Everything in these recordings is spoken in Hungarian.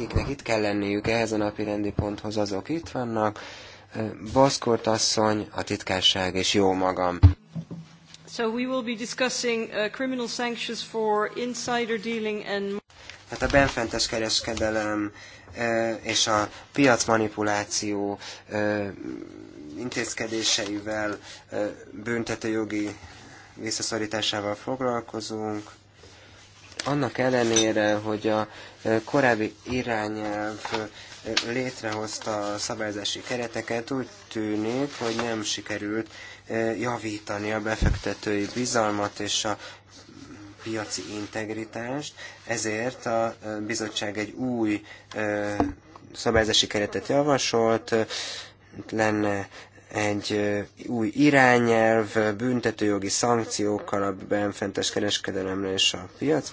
akiknek itt kell lenniük ehhez a napi rendi ponthoz, azok itt vannak. Baszkort asszony, a titkárság és jó magam. So we will be discussing uh, criminal sanctions for insider dealing and... Hát a benfentes kereskedelem uh, és a piac uh, intézkedéseivel, uh, büntetőjogi visszaszorításával foglalkozunk annak ellenére, hogy a korábbi irányelv létrehozta a szabályozási kereteket, úgy tűnik, hogy nem sikerült javítani a befektetői bizalmat és a piaci integritást, ezért a bizottság egy új szabályozási keretet javasolt, lenne egy új irányelv büntetőjogi szankciókkal a benfentes kereskedelemre és a piac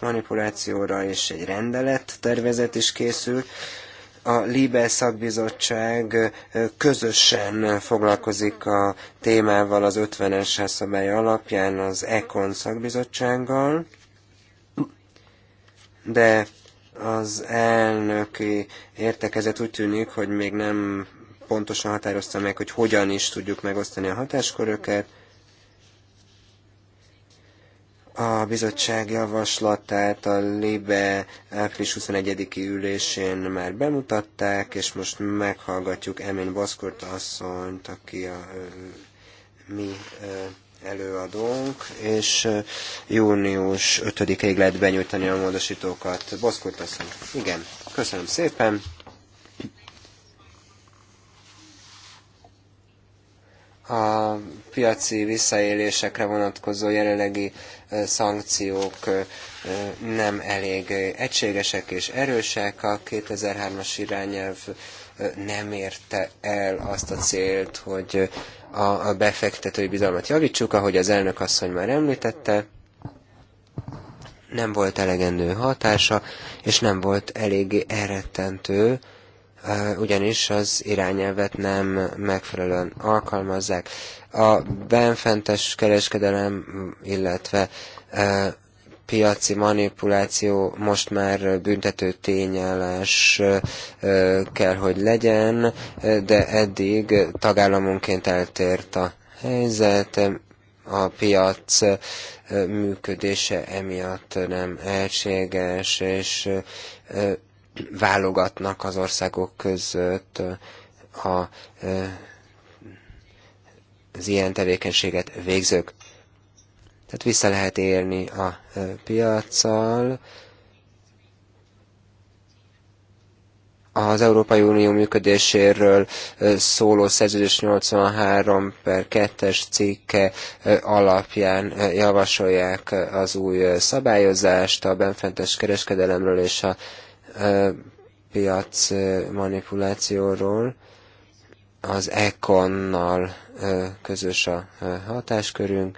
és egy rendelet tervezet is készül. A Libe szakbizottság közösen foglalkozik a témával az 50-es szabály alapján az ECON szakbizottsággal, de az elnöki értekezet úgy tűnik, hogy még nem pontosan határozta meg, hogy hogyan is tudjuk megosztani a hatásköröket. A bizottság javaslatát a LIBE április 21-i ülésén már bemutatták, és most meghallgatjuk Emin Baszkurt asszonyt, aki a mi előadónk, és június 5-ig lehet benyújtani a módosítókat. Boszkult asszony, igen, köszönöm szépen. a piaci visszaélésekre vonatkozó jelenlegi szankciók nem elég egységesek és erősek. A 2003-as irányelv nem érte el azt a célt, hogy a befektetői bizalmat javítsuk, ahogy az elnök asszony már említette, nem volt elegendő hatása, és nem volt eléggé elrettentő, ugyanis az irányelvet nem megfelelően alkalmazzák. A benfentes kereskedelem, illetve piaci manipuláció most már büntető tényállás kell, hogy legyen, de eddig tagállamunként eltért a helyzet, a piac működése emiatt nem egységes, és válogatnak az országok között a, az ilyen tevékenységet végzők. Tehát vissza lehet élni a piaccal. Az Európai Unió működéséről szóló szerződés 83 per 2-es cikke alapján javasolják az új szabályozást a benfentes kereskedelemről és a piac manipulációról, az Econnal közös a hatáskörünk,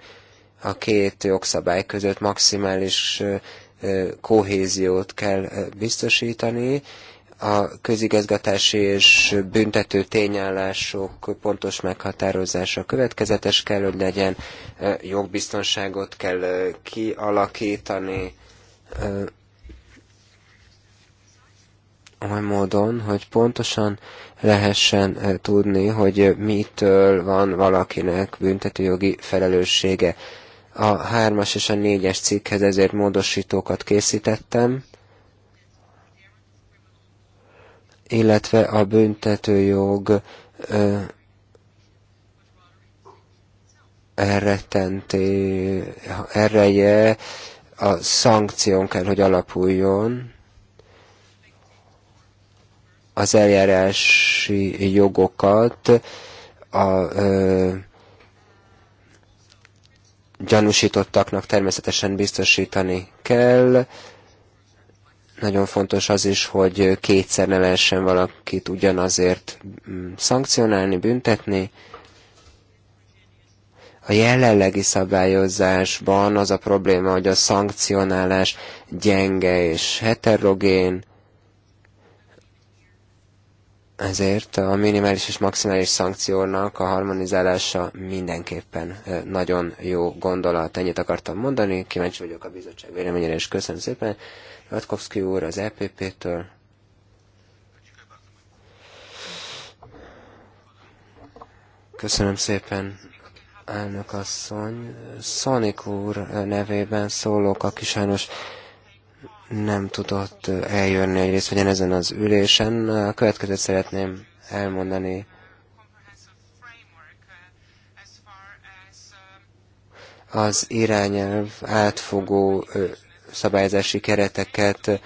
a két jogszabály között maximális kohéziót kell biztosítani, a közigazgatási és büntető tényállások pontos meghatározása következetes kell, hogy legyen, jogbiztonságot kell kialakítani, oly módon, hogy pontosan lehessen eh, tudni, hogy eh, mitől van valakinek büntetőjogi felelőssége. A hármas és a négyes cikkhez ezért módosítókat készítettem, illetve a büntetőjog ö, eh, elrettenté, ereje a szankción kell, hogy alapuljon, az eljárási jogokat a ö, gyanúsítottaknak természetesen biztosítani kell. Nagyon fontos az is, hogy kétszer ne lehessen valakit ugyanazért mm, szankcionálni, büntetni. A jelenlegi szabályozásban az a probléma, hogy a szankcionálás gyenge és heterogén, ezért a minimális és maximális szankciónak a harmonizálása mindenképpen nagyon jó gondolat. Ennyit akartam mondani, kíváncsi vagyok a bizottság véleményére, és köszönöm szépen. Jatkovszki úr az EPP-től. Köszönöm szépen, elnök asszony. Sonic úr nevében szólok, aki sajnos nem tudott eljönni egyrészt ezen az ülésen. A következőt szeretném elmondani. Az irányelv átfogó szabályzási kereteket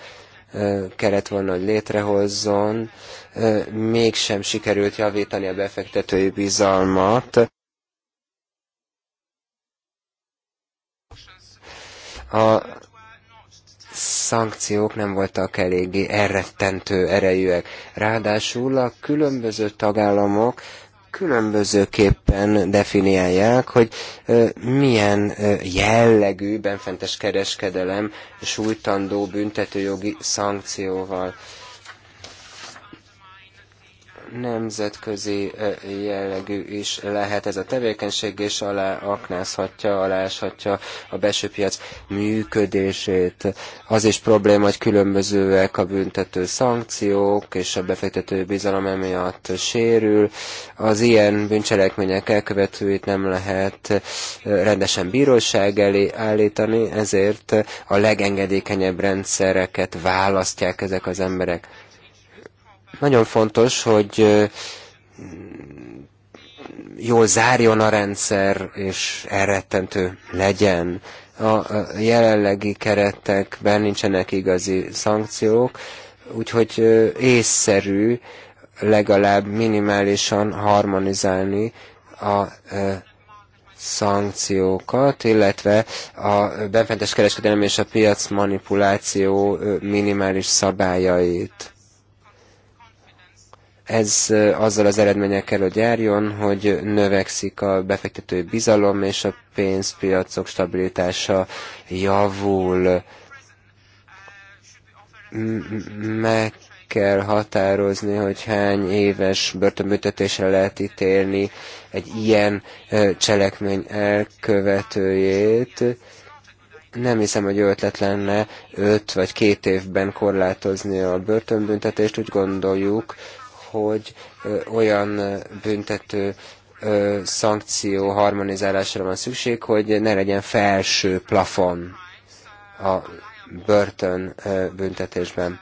kellett volna, hogy létrehozzon, mégsem sikerült javítani a befektetői bizalmat. A szankciók nem voltak eléggé elrettentő erejűek. Ráadásul a különböző tagállamok különbözőképpen definiálják, hogy milyen jellegű benfentes kereskedelem sújtandó büntetőjogi szankcióval nemzetközi eh, jellegű is lehet ez a tevékenység, és alá aknázhatja, aláshatja a belső piac működését. Az is probléma, hogy különbözőek a büntető szankciók, és a befektető bizalom emiatt sérül. Az ilyen bűncselekmények elkövetőit nem lehet eh, rendesen bíróság elé állítani, ezért a legengedékenyebb rendszereket választják ezek az emberek. Nagyon fontos, hogy jól zárjon a rendszer, és elrettentő legyen. A jelenlegi keretekben nincsenek igazi szankciók, úgyhogy észszerű legalább minimálisan harmonizálni a szankciókat, illetve a benfentes kereskedelem és a piac manipuláció minimális szabályait. Ez azzal az kell hogy járjon, hogy növekszik a befektetői bizalom, és a pénzpiacok stabilitása javul. Meg kell határozni, hogy hány éves börtönbüntetésre lehet ítélni egy ilyen cselekmény elkövetőjét. Nem hiszem, hogy ötlet lenne öt vagy két évben korlátozni a börtönbüntetést. Úgy gondoljuk, hogy olyan büntető szankció harmonizálásra van szükség, hogy ne legyen felső plafon a börtön büntetésben.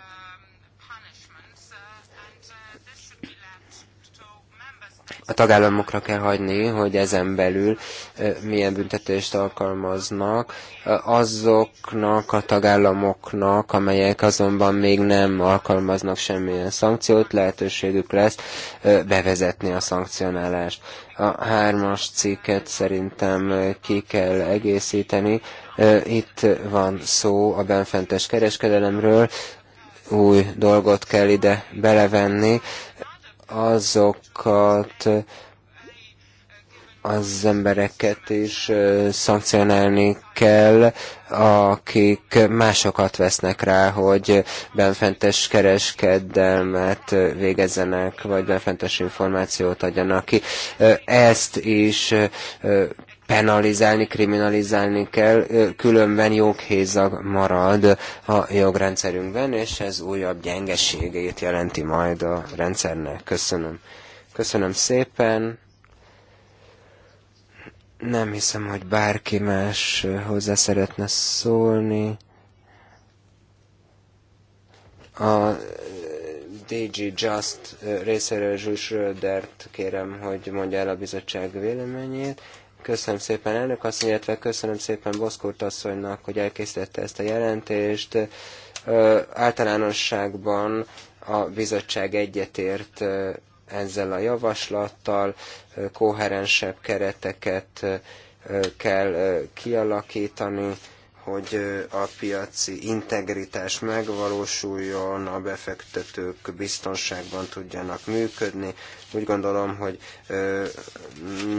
a tagállamokra kell hagyni, hogy ezen belül milyen büntetést alkalmaznak azoknak a tagállamoknak, amelyek azonban még nem alkalmaznak semmilyen szankciót, lehetőségük lesz bevezetni a szankcionálást. A hármas cikket szerintem ki kell egészíteni. Itt van szó a benfentes kereskedelemről, új dolgot kell ide belevenni, azokat az embereket is szankcionálni kell, akik másokat vesznek rá, hogy benfentes kereskedelmet végezzenek, vagy benfentes információt adjanak ki. Ezt is penalizálni, kriminalizálni kell, különben joghézag marad a jogrendszerünkben, és ez újabb gyengeségét jelenti majd a rendszernek. Köszönöm. Köszönöm szépen. Nem hiszem, hogy bárki más hozzá szeretne szólni. A DG Just részéről Zsuzs Rödert kérem, hogy mondja el a bizottság véleményét. Köszönöm szépen elnök asszony, illetve köszönöm szépen Boszkurt asszonynak, hogy elkészítette ezt a jelentést. Ö, általánosságban a bizottság egyetért ö, ezzel a javaslattal, ö, koherensebb kereteket ö, kell ö, kialakítani, hogy a piaci integritás megvalósuljon, a befektetők biztonságban tudjanak működni, úgy gondolom, hogy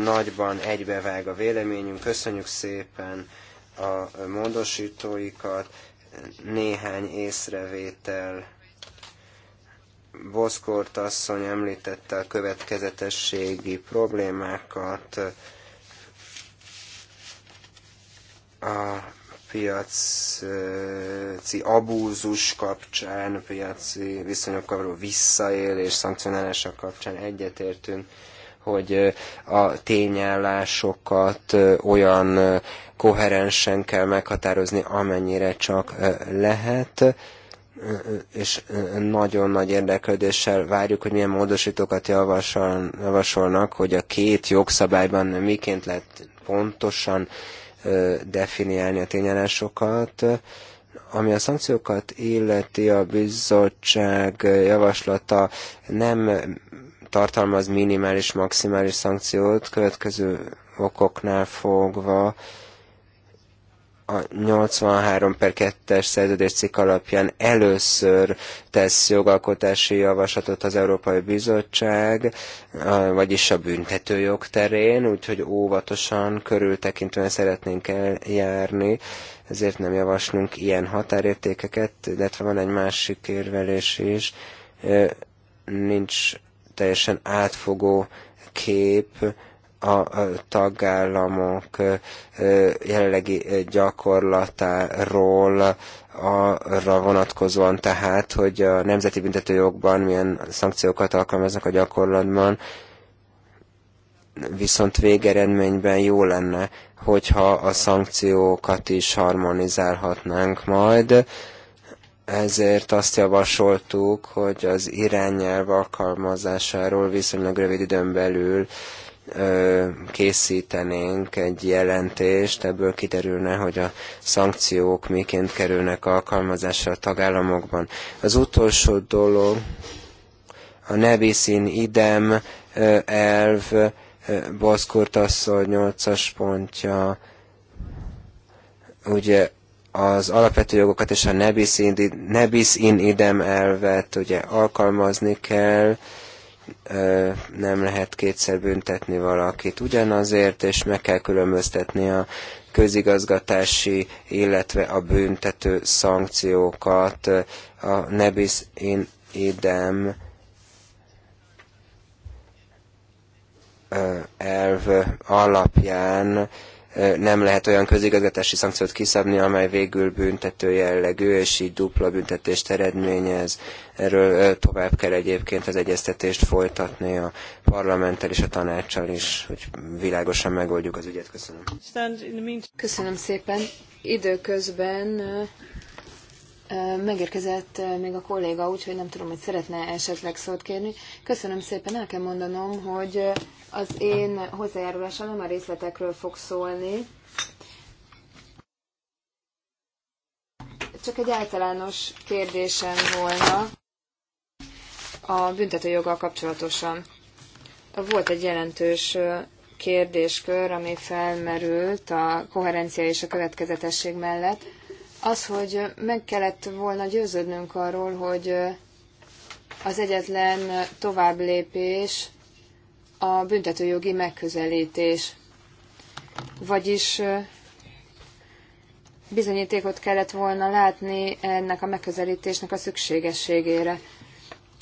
nagyban egybevág a véleményünk. Köszönjük szépen a módosítóikat. Néhány észrevétel Boszkort asszony említette a következetességi problémákat, a piaci abúzus kapcsán, piaci viszonyokkal való visszaélés, szankcionálása kapcsán egyetértünk, hogy a tényállásokat olyan koherensen kell meghatározni, amennyire csak lehet, és nagyon nagy érdeklődéssel várjuk, hogy milyen módosítókat javasolnak, hogy a két jogszabályban miként lehet pontosan definiálni a tényállásokat. Ami a szankciókat illeti, a bizottság javaslata nem tartalmaz minimális, maximális szankciót, következő okoknál fogva a 83 per 2-es szerződéscikk alapján először tesz jogalkotási javaslatot az Európai Bizottság, vagyis a büntetőjog terén, úgyhogy óvatosan, körültekintően szeretnénk eljárni, ezért nem javaslunk ilyen határértékeket, illetve van egy másik érvelés is, nincs teljesen átfogó kép, a tagállamok jelenlegi gyakorlatáról arra vonatkozóan tehát, hogy a nemzeti büntetőjogban milyen szankciókat alkalmaznak a gyakorlatban, viszont végeredményben jó lenne, hogyha a szankciókat is harmonizálhatnánk majd. Ezért azt javasoltuk, hogy az irányelv alkalmazásáról viszonylag rövid időn belül készítenénk egy jelentést, ebből kiderülne, hogy a szankciók miként kerülnek alkalmazásra a tagállamokban. Az utolsó dolog, a nebiszin idem elv, Boszkurt asszony 8-as pontja, ugye az alapvető jogokat és a nebis in, idem elvet ugye alkalmazni kell, nem lehet kétszer büntetni valakit ugyanazért, és meg kell különböztetni a közigazgatási, illetve a büntető szankciókat a nebis in idem elv alapján nem lehet olyan közigazgatási szankciót kiszabni, amely végül büntető jellegű, és így dupla büntetést eredményez. Erről tovább kell egyébként az egyeztetést folytatni a parlamenttel és a tanácssal is, hogy világosan megoldjuk az ügyet. Köszönöm. Köszönöm szépen. Időközben Megérkezett még a kolléga, úgyhogy nem tudom, hogy szeretne esetleg szót kérni. Köszönöm szépen, el kell mondanom, hogy az én hozzájárulásom nem a részletekről fog szólni, csak egy általános kérdésem volna a büntetőjoggal kapcsolatosan. Volt egy jelentős kérdéskör, ami felmerült a koherencia és a következetesség mellett az, hogy meg kellett volna győződnünk arról, hogy az egyetlen tovább lépés a büntetőjogi megközelítés. Vagyis bizonyítékot kellett volna látni ennek a megközelítésnek a szükségességére,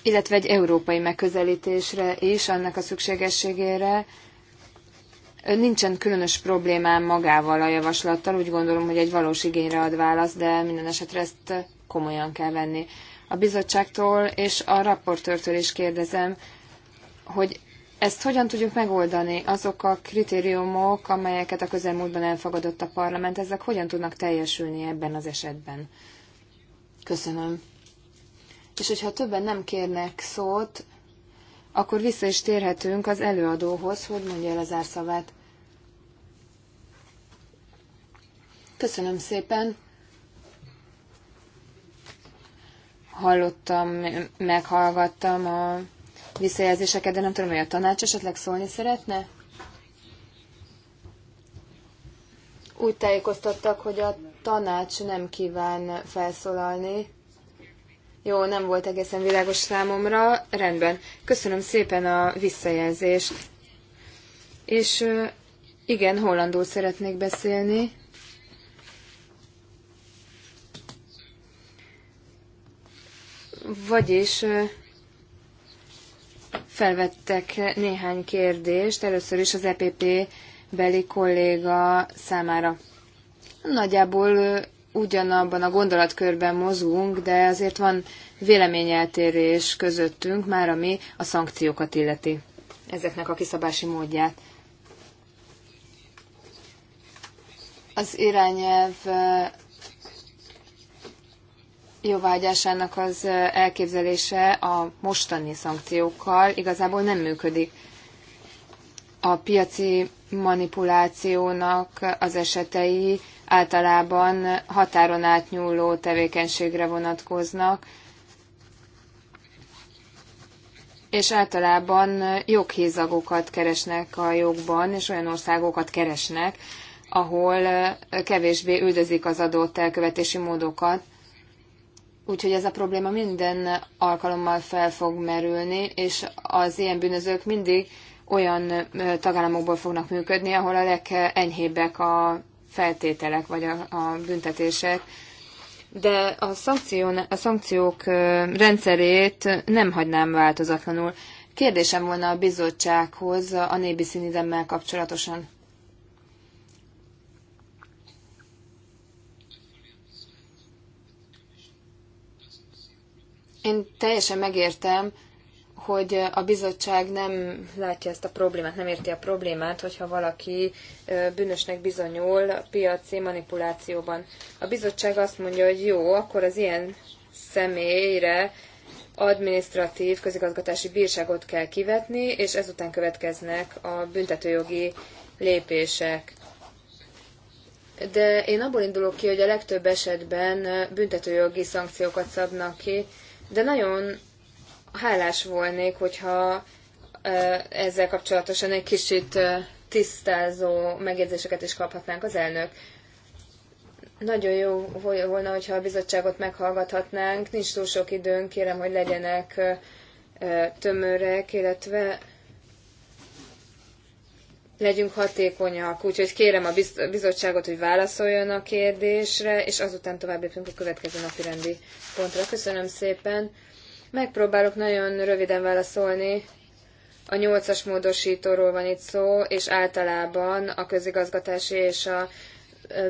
illetve egy európai megközelítésre is, annak a szükségességére, Nincsen különös problémám magával a javaslattal, úgy gondolom, hogy egy valós igényre ad választ, de minden esetre ezt komolyan kell venni. A bizottságtól és a raportőrtől is kérdezem, hogy ezt hogyan tudjuk megoldani? Azok a kritériumok, amelyeket a közelmúltban elfogadott a parlament, ezek hogyan tudnak teljesülni ebben az esetben? Köszönöm. És hogyha többen nem kérnek szót, akkor vissza is térhetünk az előadóhoz, hogy mondja el az árszavát. Köszönöm szépen. Hallottam, meghallgattam a visszajelzéseket, de nem tudom, hogy a tanács esetleg szólni szeretne? Úgy tájékoztattak, hogy a tanács nem kíván felszólalni. Jó, nem volt egészen világos számomra. Rendben. Köszönöm szépen a visszajelzést. És igen, hollandul szeretnék beszélni. Vagyis felvettek néhány kérdést, először is az EPP beli kolléga számára. Nagyjából ugyanabban a gondolatkörben mozgunk, de azért van véleményeltérés közöttünk, már ami a szankciókat illeti, ezeknek a kiszabási módját. Az irányelv jóvágyásának az elképzelése a mostani szankciókkal igazából nem működik. A piaci manipulációnak az esetei általában határon átnyúló tevékenységre vonatkoznak, és általában joghézagokat keresnek a jogban, és olyan országokat keresnek, ahol kevésbé üldözik az adott elkövetési módokat. Úgyhogy ez a probléma minden alkalommal fel fog merülni, és az ilyen bűnözők mindig olyan tagállamokból fognak működni, ahol a legenyhébbek a feltételek vagy a, a büntetések, de a, szankción, a szankciók rendszerét nem hagynám változatlanul. Kérdésem volna a bizottsághoz a színizemmel kapcsolatosan. Én teljesen megértem, hogy a bizottság nem látja ezt a problémát, nem érti a problémát, hogyha valaki bűnösnek bizonyul a piaci manipulációban. A bizottság azt mondja, hogy jó, akkor az ilyen személyre adminisztratív közigazgatási bírságot kell kivetni, és ezután következnek a büntetőjogi lépések. De én abból indulok ki, hogy a legtöbb esetben büntetőjogi szankciókat szabnak ki, de nagyon hálás volnék, hogyha ezzel kapcsolatosan egy kicsit tisztázó megjegyzéseket is kaphatnánk az elnök. Nagyon jó volna, hogyha a bizottságot meghallgathatnánk. Nincs túl sok időnk, kérem, hogy legyenek tömörek, illetve legyünk hatékonyak. Úgyhogy kérem a bizottságot, hogy válaszoljon a kérdésre, és azután tovább lépünk a következő napi rendi pontra. Köszönöm szépen! Megpróbálok nagyon röviden válaszolni. A nyolcas módosítóról van itt szó, és általában a közigazgatási és a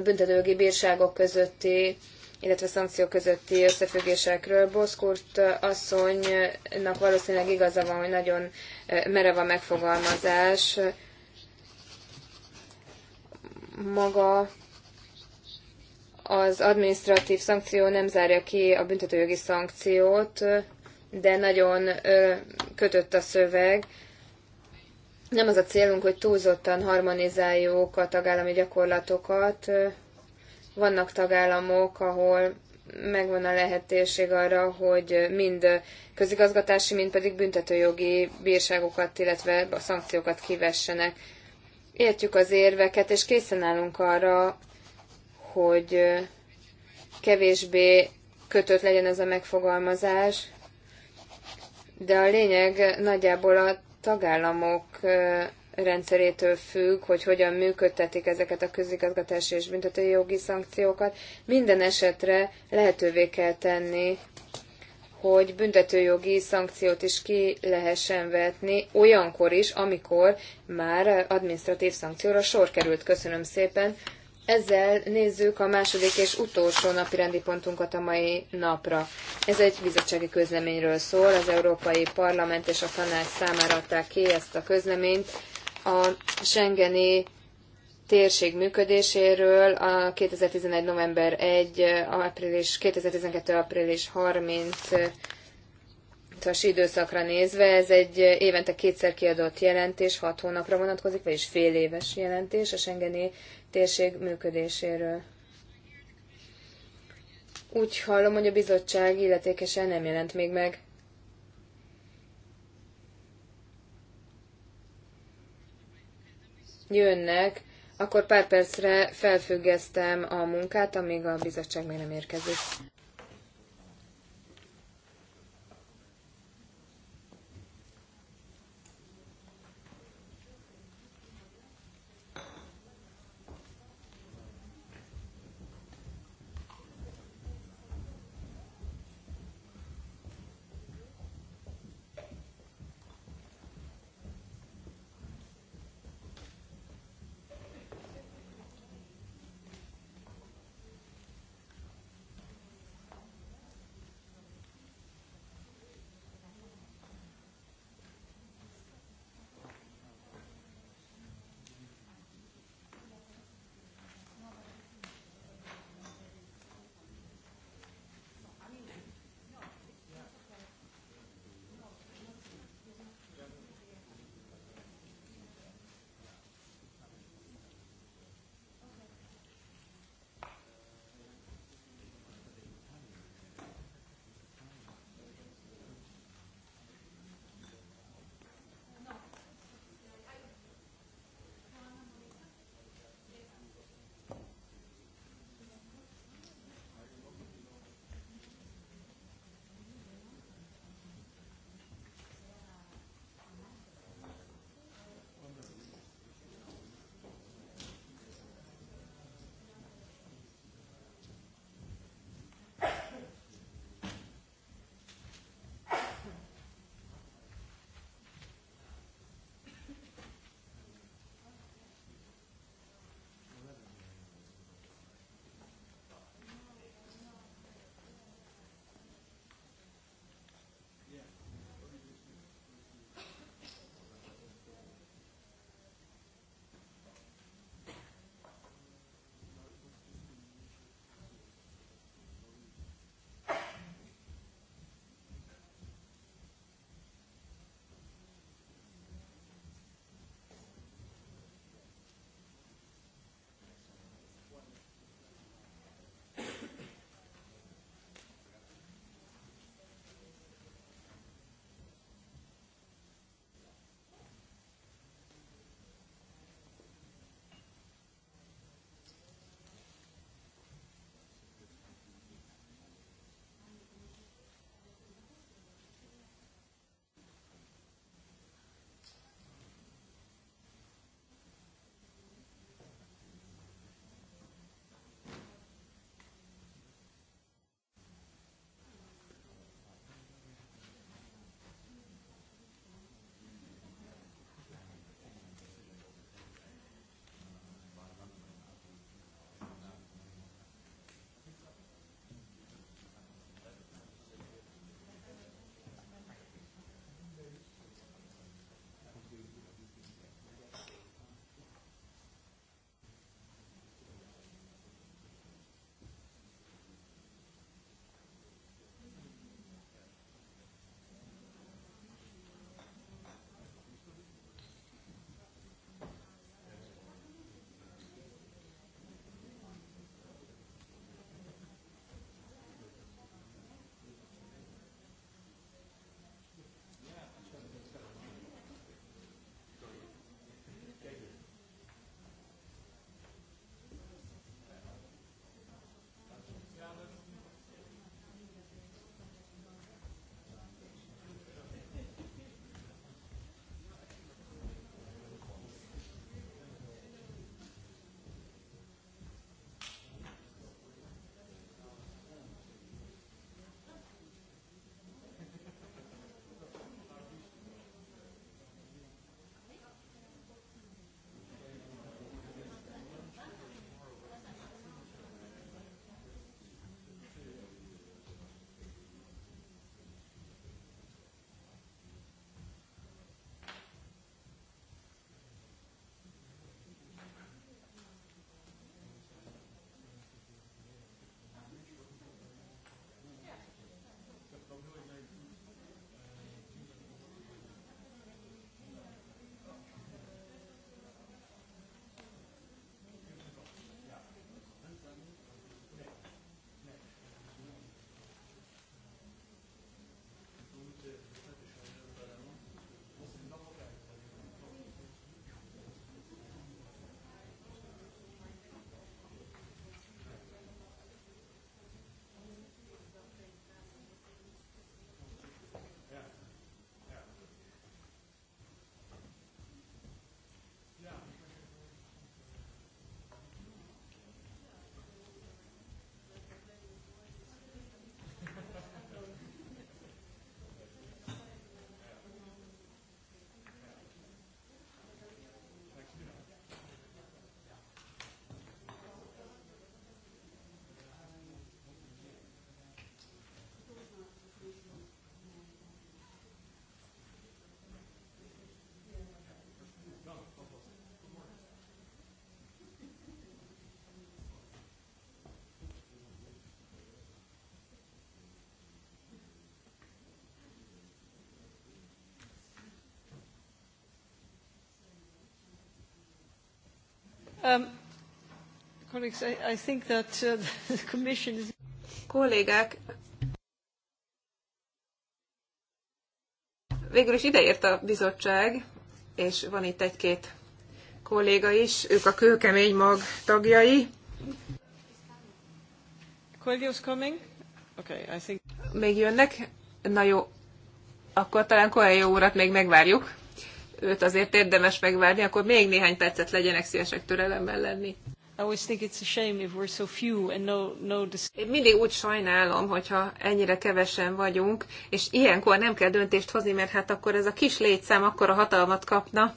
büntetőgi bírságok közötti illetve szankciók közötti összefüggésekről. Boszkurt asszonynak valószínűleg igaza van, hogy nagyon merev a megfogalmazás. Maga az administratív szankció nem zárja ki a büntetőjogi szankciót, de nagyon ö, kötött a szöveg. Nem az a célunk, hogy túlzottan harmonizáljuk a tagállami gyakorlatokat. Vannak tagállamok, ahol megvan a lehetőség arra, hogy mind közigazgatási, mind pedig büntetőjogi bírságokat, illetve a szankciókat kivessenek. Értjük az érveket, és készen állunk arra, hogy kevésbé kötött legyen ez a megfogalmazás, de a lényeg nagyjából a tagállamok rendszerétől függ, hogy hogyan működtetik ezeket a közigazgatási és büntetői jogi szankciókat. Minden esetre lehetővé kell tenni, hogy büntetőjogi szankciót is ki lehessen vetni, olyankor is, amikor már administratív szankcióra sor került. Köszönöm szépen. Ezzel nézzük a második és utolsó napi rendi pontunkat a mai napra. Ez egy bizottsági közleményről szól, az Európai Parlament és a Tanács számára adták ki ezt a közleményt a Schengeni térség működéséről a 2011. november 1, április, 2012. április 30 as időszakra nézve, ez egy évente kétszer kiadott jelentés, hat hónapra vonatkozik, vagyis fél éves jelentés a Schengeni térség működéséről. Úgy hallom, hogy a bizottság illetékesen nem jelent még meg. Jönnek, akkor pár percre felfüggesztem a munkát, amíg a bizottság még nem érkezik. Kollégák, végül is ideért a bizottság, és van itt egy-két kolléga is, ők a kőkemény mag tagjai. coming? Okay, I think... Még jönnek? Na jó, akkor talán Coelho urat még megvárjuk őt azért érdemes megvárni, akkor még néhány percet legyenek szívesek türelemmel lenni. Én mindig úgy sajnálom, hogyha ennyire kevesen vagyunk, és ilyenkor nem kell döntést hozni, mert hát akkor ez a kis létszám akkor a hatalmat kapna,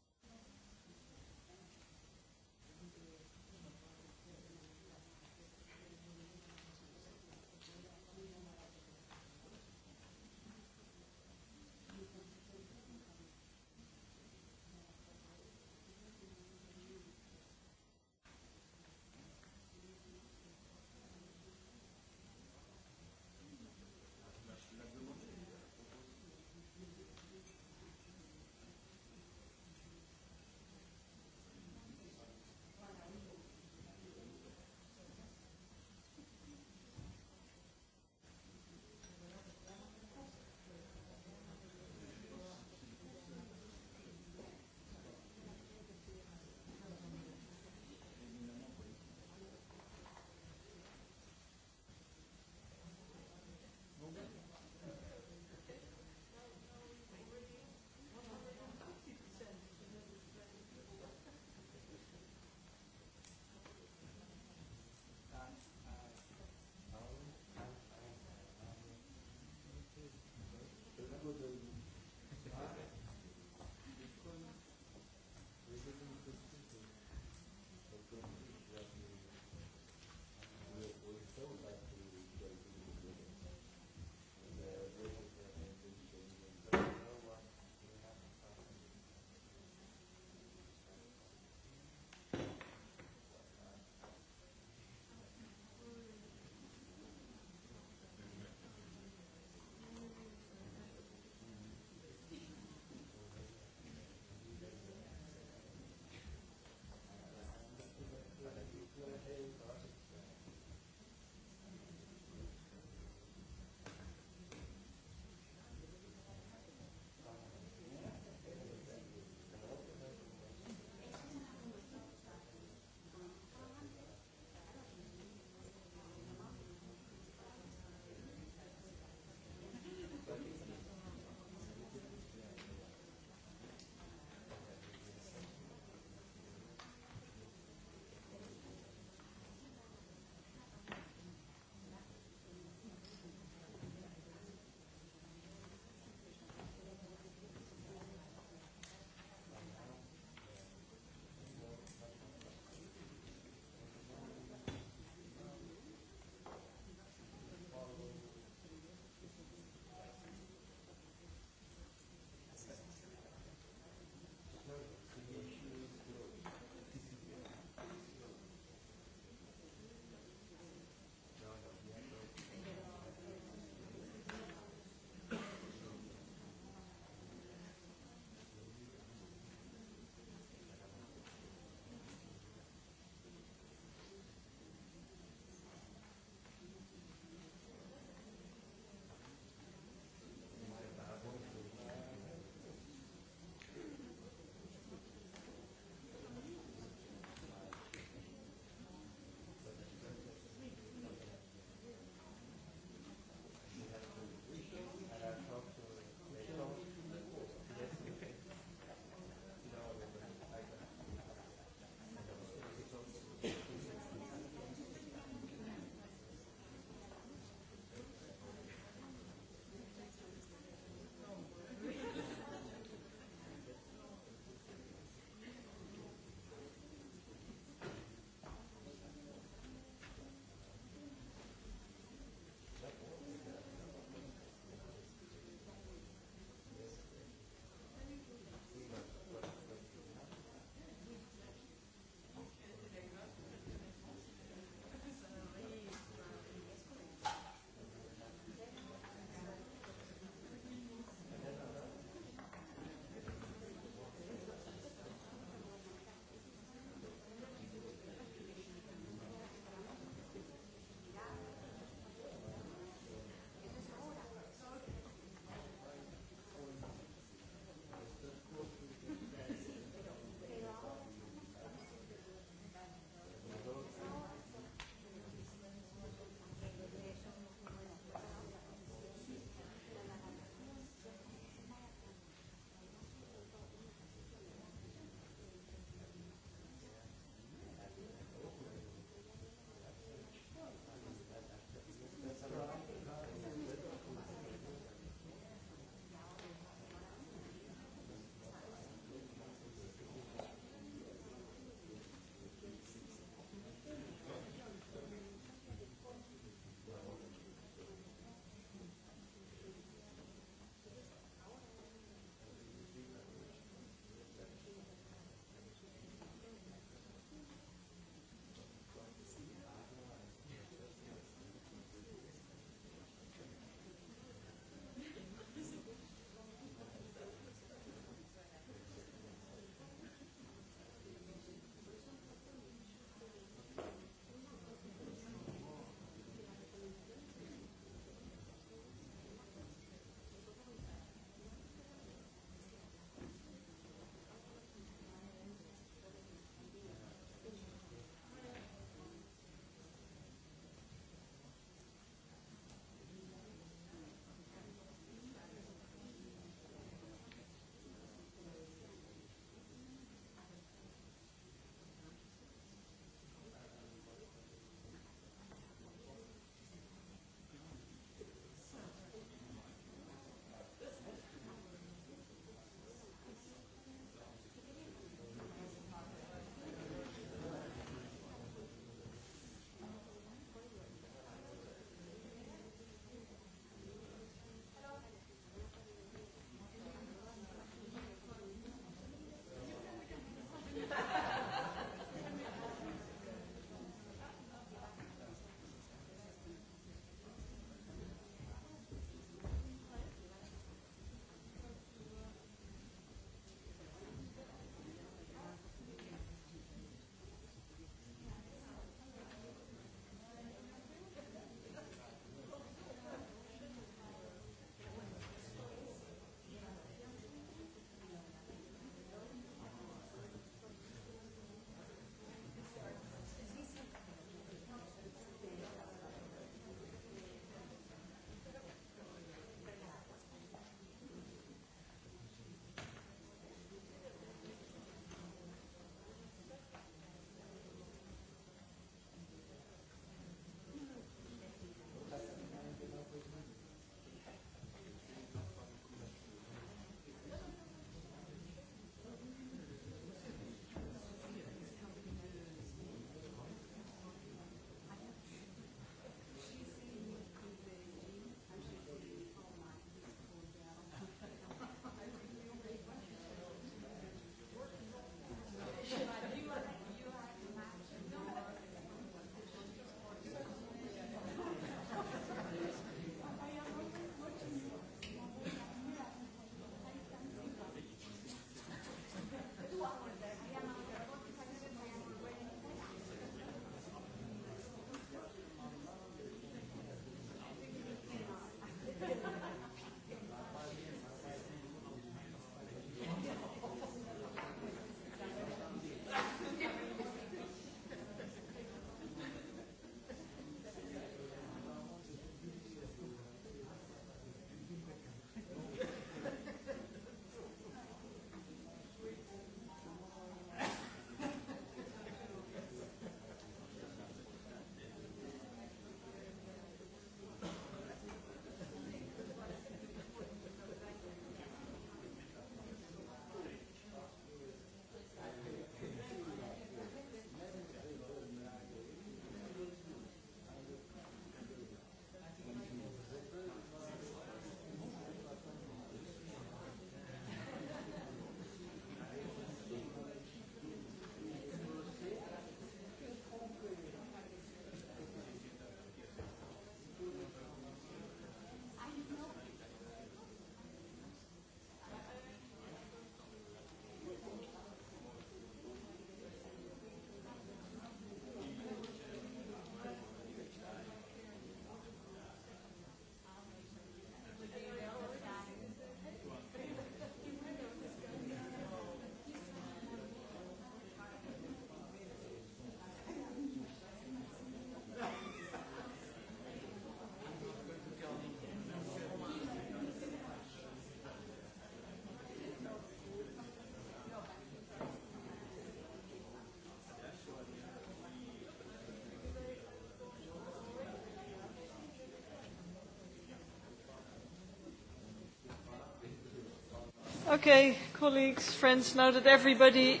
Okay, colleagues, friends, now that everybody...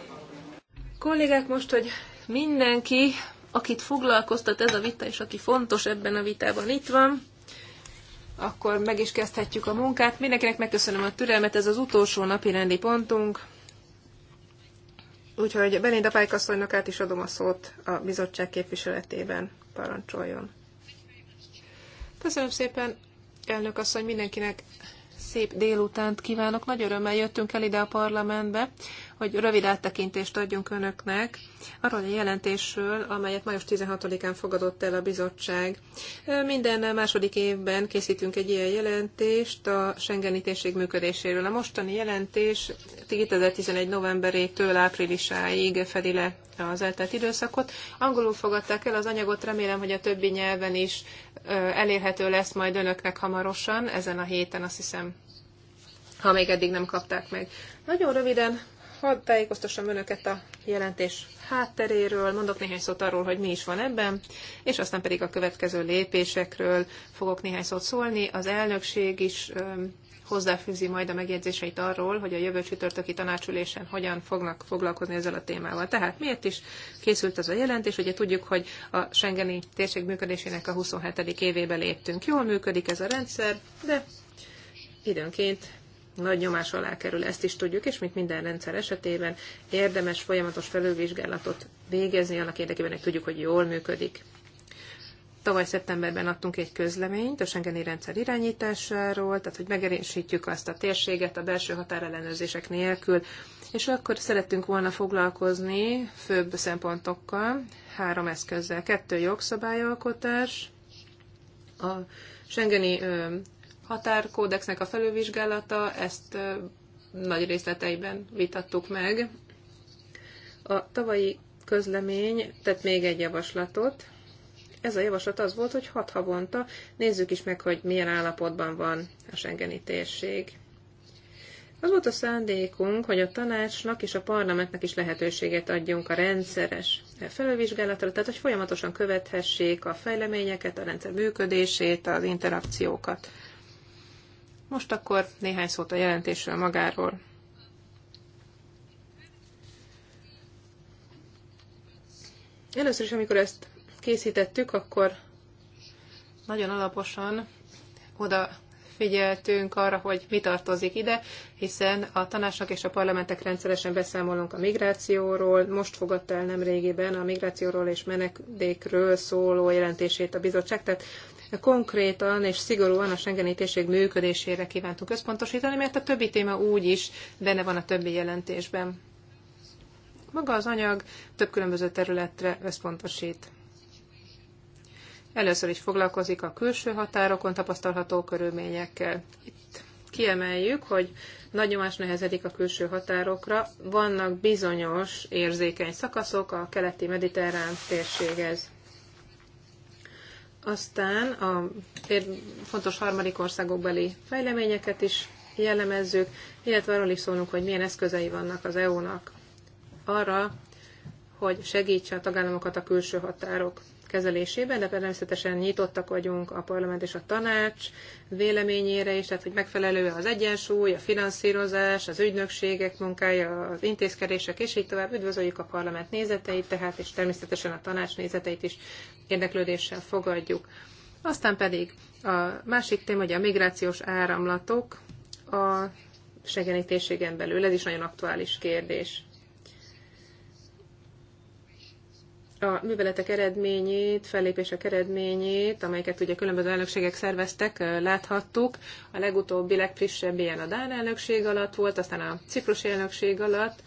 Kollégák, most, hogy mindenki, akit foglalkoztat ez a vita, és aki fontos ebben a vitában itt van, akkor meg is kezdhetjük a munkát. Mindenkinek megköszönöm a türelmet, ez az utolsó napi rendi pontunk. Úgyhogy Belinda Pálykasszonynak át is adom a szót a bizottság képviseletében. Parancsoljon. Köszönöm szépen, elnök asszony, mindenkinek szép délutánt kívánok. Nagy örömmel jöttünk el ide a parlamentbe, hogy rövid áttekintést adjunk önöknek arról a jelentésről, amelyet május 16-án fogadott el a bizottság. Minden második évben készítünk egy ilyen jelentést a Schengeni térség működéséről. A mostani jelentés 2011. novemberétől áprilisáig fedi le az eltelt időszakot. Angolul fogadták el az anyagot, remélem, hogy a többi nyelven is elérhető lesz majd önöknek hamarosan, ezen a héten azt hiszem ha még eddig nem kapták meg. Nagyon röviden hadd tájékoztassam önöket a jelentés hátteréről, mondok néhány szót arról, hogy mi is van ebben, és aztán pedig a következő lépésekről fogok néhány szót szólni. Az elnökség is hozzáfűzi majd a megjegyzéseit arról, hogy a jövő csütörtöki tanácsülésen hogyan fognak foglalkozni ezzel a témával. Tehát miért is készült ez a jelentés? Ugye tudjuk, hogy a Schengeni térség működésének a 27. évébe léptünk. Jól működik ez a rendszer, de időnként nagy nyomás alá kerül, ezt is tudjuk, és mint minden rendszer esetében érdemes folyamatos felülvizsgálatot végezni, annak érdekében, hogy tudjuk, hogy jól működik. Tavaly szeptemberben adtunk egy közleményt a Schengeni rendszer irányításáról, tehát hogy megerősítjük azt a térséget a belső határellenőrzések nélkül, és akkor szerettünk volna foglalkozni főbb szempontokkal, három eszközzel. Kettő jogszabályalkotás, a Schengeni határkódexnek a felülvizsgálata, ezt nagy részleteiben vitattuk meg. A tavalyi közlemény tett még egy javaslatot. Ez a javaslat az volt, hogy hat havonta nézzük is meg, hogy milyen állapotban van a Schengeni térség. Az volt a szándékunk, hogy a tanácsnak és a parlamentnek is lehetőséget adjunk a rendszeres felülvizsgálatra, tehát hogy folyamatosan követhessék a fejleményeket, a rendszer működését, az interakciókat. Most akkor néhány szót a jelentésről magáról. Először is, amikor ezt készítettük, akkor nagyon alaposan oda figyeltünk arra, hogy mi tartozik ide, hiszen a tanácsnak és a parlamentek rendszeresen beszámolunk a migrációról. Most fogadta el nemrégiben a migrációról és menekdékről szóló jelentését a bizottság, tehát konkrétan és szigorúan a Schengeni térség működésére kívántunk összpontosítani, mert a többi téma úgy is benne van a többi jelentésben. Maga az anyag több különböző területre összpontosít. Először is foglalkozik a külső határokon tapasztalható körülményekkel. Itt kiemeljük, hogy nagy nyomás nehezedik a külső határokra, vannak bizonyos érzékeny szakaszok, a keleti mediterrán térséghez. Aztán a fontos harmadik országokbeli fejleményeket is jellemezzük, illetve arról is szólunk, hogy milyen eszközei vannak az EU-nak arra, hogy segítse a tagállamokat a külső határok kezelésében, de természetesen nyitottak vagyunk a parlament és a tanács véleményére is, tehát hogy megfelelő az egyensúly, a finanszírozás, az ügynökségek munkája, az intézkedések, és így tovább üdvözöljük a parlament nézeteit, tehát és természetesen a tanács nézeteit is érdeklődéssel fogadjuk. Aztán pedig a másik téma, hogy a migrációs áramlatok a Schengeni belül, ez is nagyon aktuális kérdés. a műveletek eredményét, fellépések eredményét, amelyeket ugye különböző elnökségek szerveztek, láthattuk. A legutóbbi, legfrissebb ilyen a Dán elnökség alatt volt, aztán a Ciprusi elnökség alatt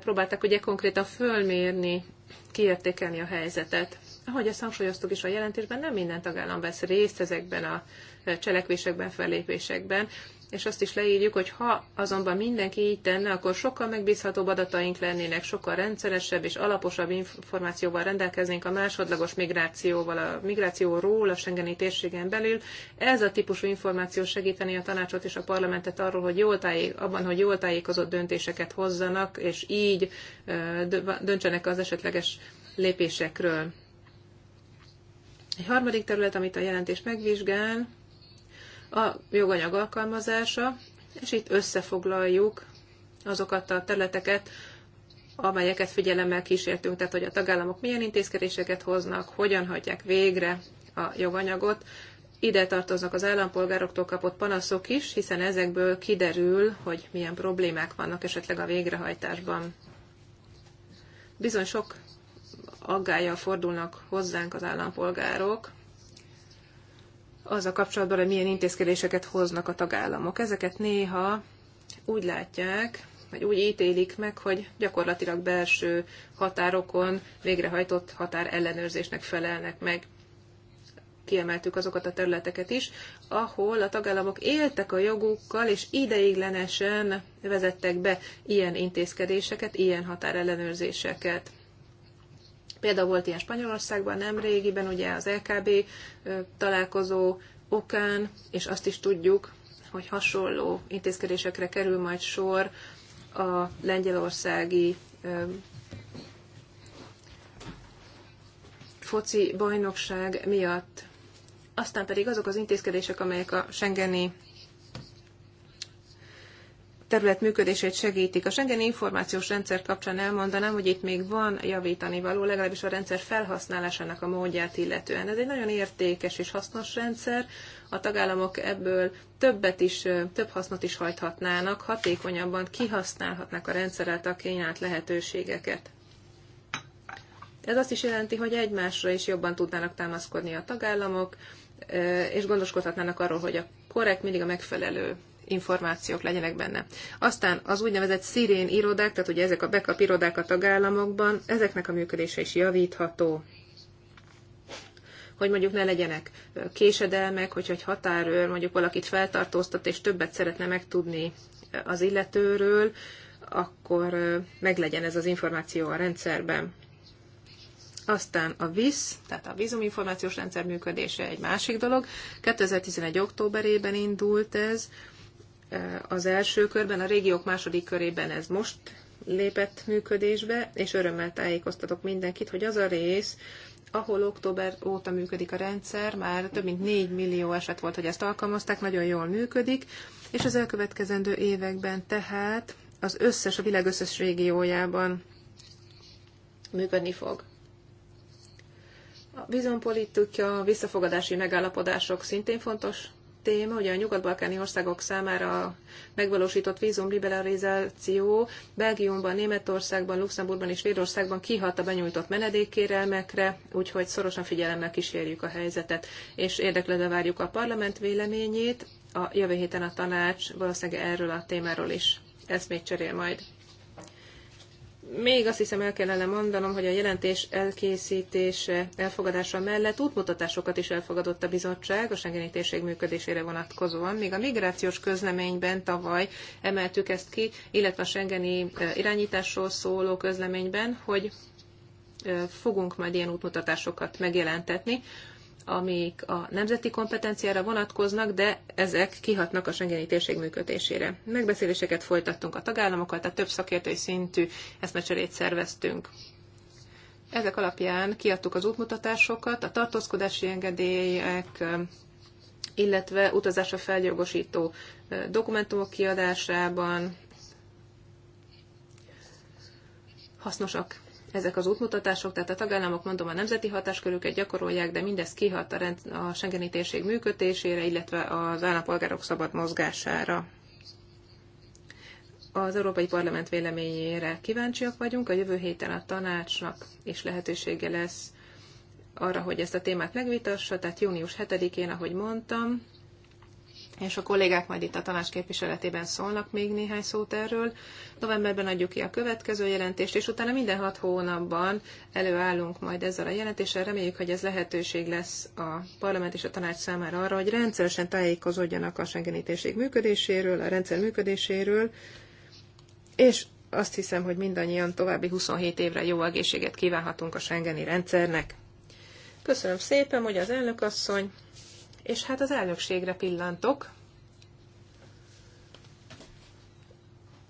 próbáltak ugye konkrétan fölmérni, kiértékelni a helyzetet. Ahogy ezt hangsúlyoztuk is a jelentésben, nem minden tagállam vesz részt ezekben a cselekvésekben, fellépésekben és azt is leírjuk, hogy ha azonban mindenki így tenne, akkor sokkal megbízhatóbb adataink lennének, sokkal rendszeresebb és alaposabb információval rendelkeznénk a másodlagos migrációval, a migrációról a Schengeni térségen belül. Ez a típusú információ segíteni a tanácsot és a parlamentet arról, hogy jól tájé, abban, hogy jól tájékozott döntéseket hozzanak, és így döntsenek az esetleges lépésekről. Egy harmadik terület, amit a jelentés megvizsgál, a joganyag alkalmazása, és itt összefoglaljuk azokat a területeket, amelyeket figyelemmel kísértünk, tehát hogy a tagállamok milyen intézkedéseket hoznak, hogyan hagyják végre a joganyagot. Ide tartoznak az állampolgároktól kapott panaszok is, hiszen ezekből kiderül, hogy milyen problémák vannak esetleg a végrehajtásban. Bizony sok aggájjal fordulnak hozzánk az állampolgárok, az a kapcsolatban, hogy milyen intézkedéseket hoznak a tagállamok. Ezeket néha úgy látják, vagy úgy ítélik meg, hogy gyakorlatilag belső határokon végrehajtott határ ellenőrzésnek felelnek meg. Kiemeltük azokat a területeket is, ahol a tagállamok éltek a jogukkal, és ideiglenesen vezettek be ilyen intézkedéseket, ilyen határellenőrzéseket. Például volt ilyen Spanyolországban nem régiben, ugye az LKB találkozó okán, és azt is tudjuk, hogy hasonló intézkedésekre kerül majd sor a lengyelországi foci bajnokság miatt. Aztán pedig azok az intézkedések, amelyek a Schengeni terület működését segítik. A Schengen információs rendszer kapcsán elmondanám, hogy itt még van javítani való, legalábbis a rendszer felhasználásának a módját illetően. Ez egy nagyon értékes és hasznos rendszer, a tagállamok ebből többet is, több hasznot is hajthatnának, hatékonyabban kihasználhatnak a rendszerelt a kényált lehetőségeket. Ez azt is jelenti, hogy egymásra is jobban tudnának támaszkodni a tagállamok, és gondoskodhatnának arról, hogy a korrekt mindig a megfelelő információk legyenek benne. Aztán az úgynevezett szirén irodák, tehát ugye ezek a backup irodák a tagállamokban, ezeknek a működése is javítható hogy mondjuk ne legyenek késedelmek, hogyha egy határőr mondjuk valakit feltartóztat, és többet szeretne megtudni az illetőről, akkor meglegyen ez az információ a rendszerben. Aztán a VISZ, tehát a vízuminformációs rendszer működése egy másik dolog. 2011. októberében indult ez, az első körben, a régiók második körében ez most lépett működésbe, és örömmel tájékoztatok mindenkit, hogy az a rész, ahol október óta működik a rendszer, már több mint 4 millió eset volt, hogy ezt alkalmazták, nagyon jól működik, és az elkövetkezendő években tehát az összes, a világ összes régiójában működni fog. A bizonpolitika, a visszafogadási megállapodások szintén fontos téma, ugye a nyugat-balkáni országok számára megvalósított vízumliberalizáció Belgiumban, Németországban, Luxemburgban és Svédországban kihat a benyújtott menedékkérelmekre, úgyhogy szorosan figyelemmel kísérjük a helyzetet, és érdeklődve várjuk a parlament véleményét. A jövő héten a tanács valószínűleg erről a témáról is eszmét cserél majd még azt hiszem el kellene mondanom, hogy a jelentés elkészítése, elfogadása mellett útmutatásokat is elfogadott a bizottság a Schengeni térség működésére vonatkozóan. Még a migrációs közleményben tavaly emeltük ezt ki, illetve a Schengeni irányításról szóló közleményben, hogy fogunk majd ilyen útmutatásokat megjelentetni, amik a nemzeti kompetenciára vonatkoznak, de ezek kihatnak a Schengeni térség működésére. Megbeszéléseket folytattunk a tagállamokkal, tehát több szakértői szintű eszmecserét szerveztünk. Ezek alapján kiadtuk az útmutatásokat, a tartózkodási engedélyek, illetve utazásra feljogosító dokumentumok kiadásában hasznosak ezek az útmutatások, tehát a tagállamok, mondom, a nemzeti hatáskörüket gyakorolják, de mindez kihat a, rend, a Schengeni térség működésére, illetve az állampolgárok szabad mozgására. Az Európai Parlament véleményére kíváncsiak vagyunk, a jövő héten a tanácsnak is lehetősége lesz arra, hogy ezt a témát megvitassa, tehát június 7-én, ahogy mondtam, és a kollégák majd itt a tanács képviseletében szólnak még néhány szót erről. Novemberben adjuk ki a következő jelentést, és utána minden hat hónapban előállunk majd ezzel a jelentéssel. Reméljük, hogy ez lehetőség lesz a parlament és a tanács számára arra, hogy rendszeresen tájékozódjanak a Schengen működéséről, a rendszer működéséről, és azt hiszem, hogy mindannyian további 27 évre jó egészséget kívánhatunk a Schengeni rendszernek. Köszönöm szépen, hogy az asszony. És hát az elnökségre pillantok.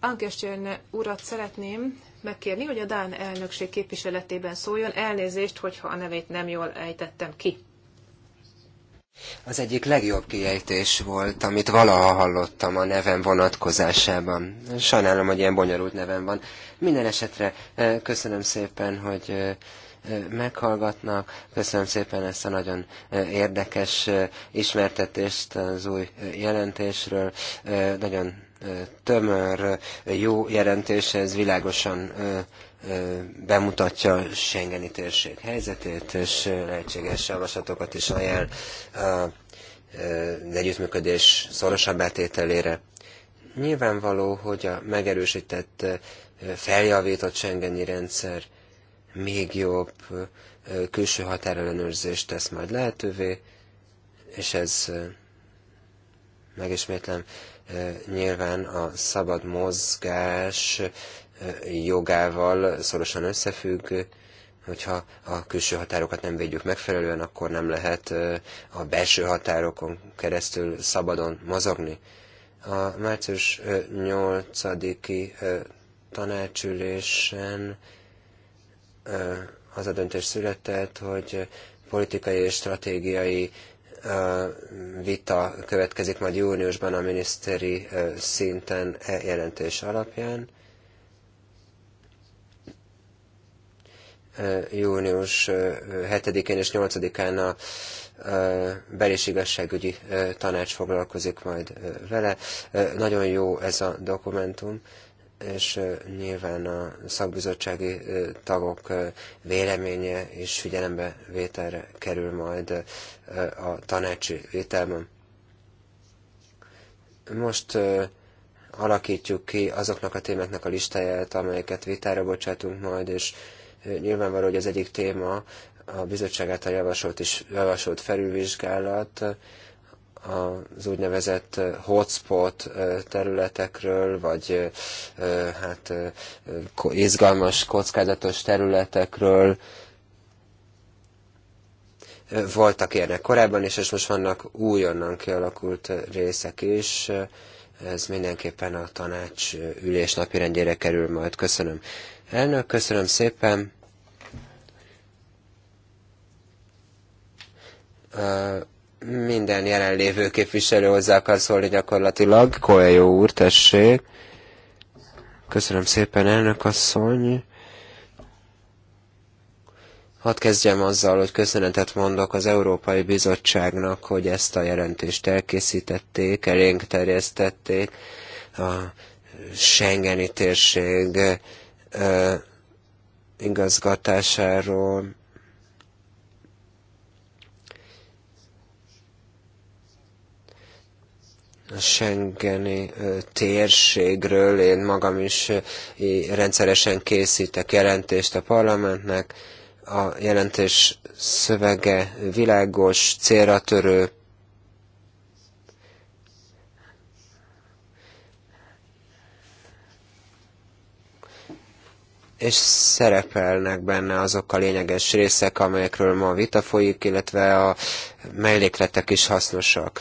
Ankestjörne urat szeretném megkérni, hogy a Dán elnökség képviseletében szóljon. Elnézést, hogyha a nevét nem jól ejtettem ki. Az egyik legjobb kiejtés volt, amit valaha hallottam a nevem vonatkozásában. Sajnálom, hogy ilyen bonyolult nevem van. Minden esetre eh, köszönöm szépen, hogy eh, meghallgatnak. Köszönöm szépen ezt a nagyon érdekes ismertetést az új jelentésről. Nagyon tömör, jó jelentés, ez világosan bemutatja a Schengeni térség helyzetét, és lehetséges javaslatokat is ajánl az együttműködés szorosabb átételére. Nyilvánvaló, hogy a megerősített, feljavított Schengeni rendszer még jobb külső határellenőrzést tesz majd lehetővé, és ez megismétlem, nyilván a szabad mozgás jogával szorosan összefügg, hogyha a külső határokat nem védjük megfelelően, akkor nem lehet a belső határokon keresztül szabadon mozogni. A március 8-i tanácsülésen az a döntés született, hogy politikai és stratégiai vita következik majd júniusban a miniszteri szinten e jelentés alapján. Június 7-én és 8-án a bel- igazságügyi tanács foglalkozik majd vele. Nagyon jó ez a dokumentum, és nyilván a szakbizottsági tagok véleménye és figyelembe vételre kerül majd a tanácsi vételben. Most alakítjuk ki azoknak a témáknak a listáját, amelyeket vitára bocsátunk majd, és nyilvánvaló, hogy az egyik téma a bizottság által javasolt, és javasolt felülvizsgálat, az úgynevezett hotspot területekről, vagy hát izgalmas, kockázatos területekről, voltak ilyenek korábban, is és most vannak újonnan kialakult részek is. Ez mindenképpen a tanács ülés napirendjére kerül majd. Köszönöm. Elnök, köszönöm szépen. Minden jelenlévő képviselő hozzá akar szólni gyakorlatilag. Koelyó úr, tessék. Köszönöm szépen, elnök asszony. Hadd kezdjem azzal, hogy köszönetet mondok az Európai Bizottságnak, hogy ezt a jelentést elkészítették, elénk terjesztették a Schengeni térség igazgatásáról Schengeni térségről én magam is rendszeresen készítek jelentést a parlamentnek. A jelentés szövege világos, célra törő, és szerepelnek benne azok a lényeges részek, amelyekről ma vita folyik, illetve a mellékletek is hasznosak.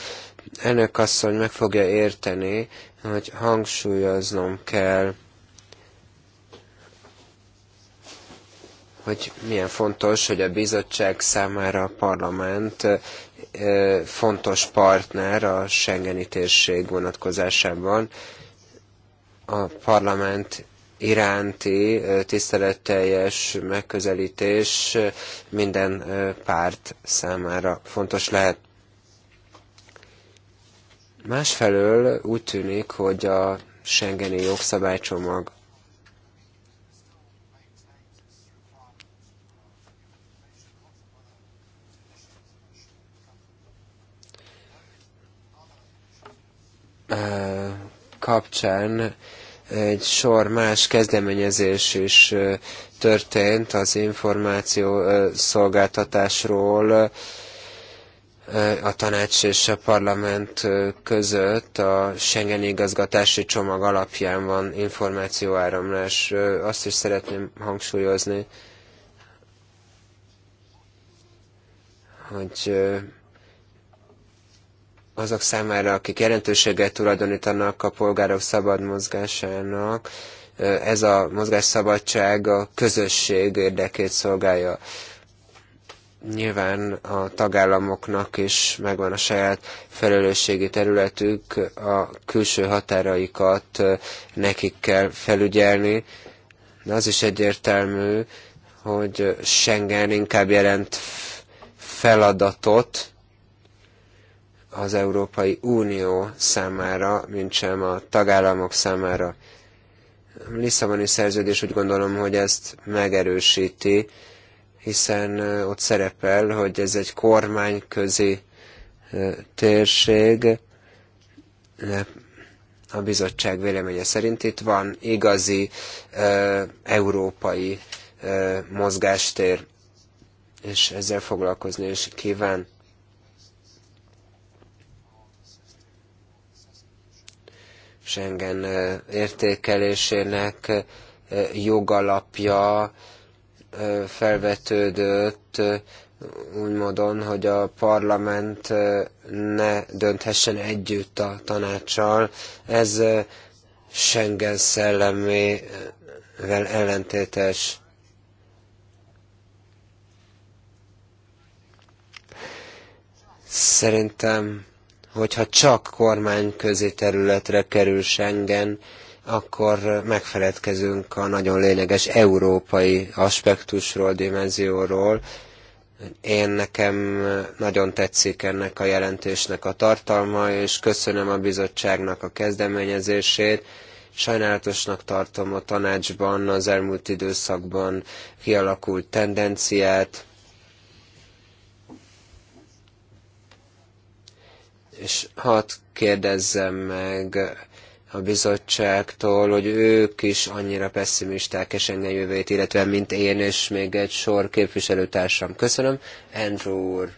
Elnök asszony meg fogja érteni, hogy hangsúlyoznom kell, hogy milyen fontos, hogy a bizottság számára a parlament fontos partner a Schengeni térség vonatkozásában. A parlament iránti tiszteletteljes megközelítés minden párt számára fontos lehet. Másfelől úgy tűnik, hogy a Schengeni jogszabálycsomag kapcsán egy sor más kezdeményezés is történt az információ szolgáltatásról, a tanács és a parlament között a Schengen igazgatási csomag alapján van információáramlás. Azt is szeretném hangsúlyozni, hogy azok számára, akik jelentőséget tulajdonítanak a polgárok szabad mozgásának, ez a mozgásszabadság a közösség érdekét szolgálja. Nyilván a tagállamoknak is megvan a saját felelősségi területük, a külső határaikat nekik kell felügyelni, de az is egyértelmű, hogy Schengen inkább jelent feladatot az Európai Unió számára, mint sem a tagállamok számára. A Lisszaboni szerződés úgy gondolom, hogy ezt megerősíti, hiszen ott szerepel, hogy ez egy kormányközi térség. de A bizottság véleménye szerint itt van igazi európai mozgástér, és ezzel foglalkozni is kíván. Schengen értékelésének jogalapja felvetődött úgy módon, hogy a parlament ne dönthessen együtt a tanácssal. Ez Schengen szellemével ellentétes. Szerintem, hogyha csak kormányközi területre kerül Schengen, akkor megfeledkezünk a nagyon lényeges európai aspektusról, dimenzióról. Én nekem nagyon tetszik ennek a jelentésnek a tartalma, és köszönöm a bizottságnak a kezdeményezését. Sajnálatosnak tartom a tanácsban az elmúlt időszakban kialakult tendenciát, és hadd kérdezzem meg a bizottságtól, hogy ők is annyira pessimisták és ennyi jövőjét, illetve mint én, és még egy sor képviselőtársam. Köszönöm, Andrew úr.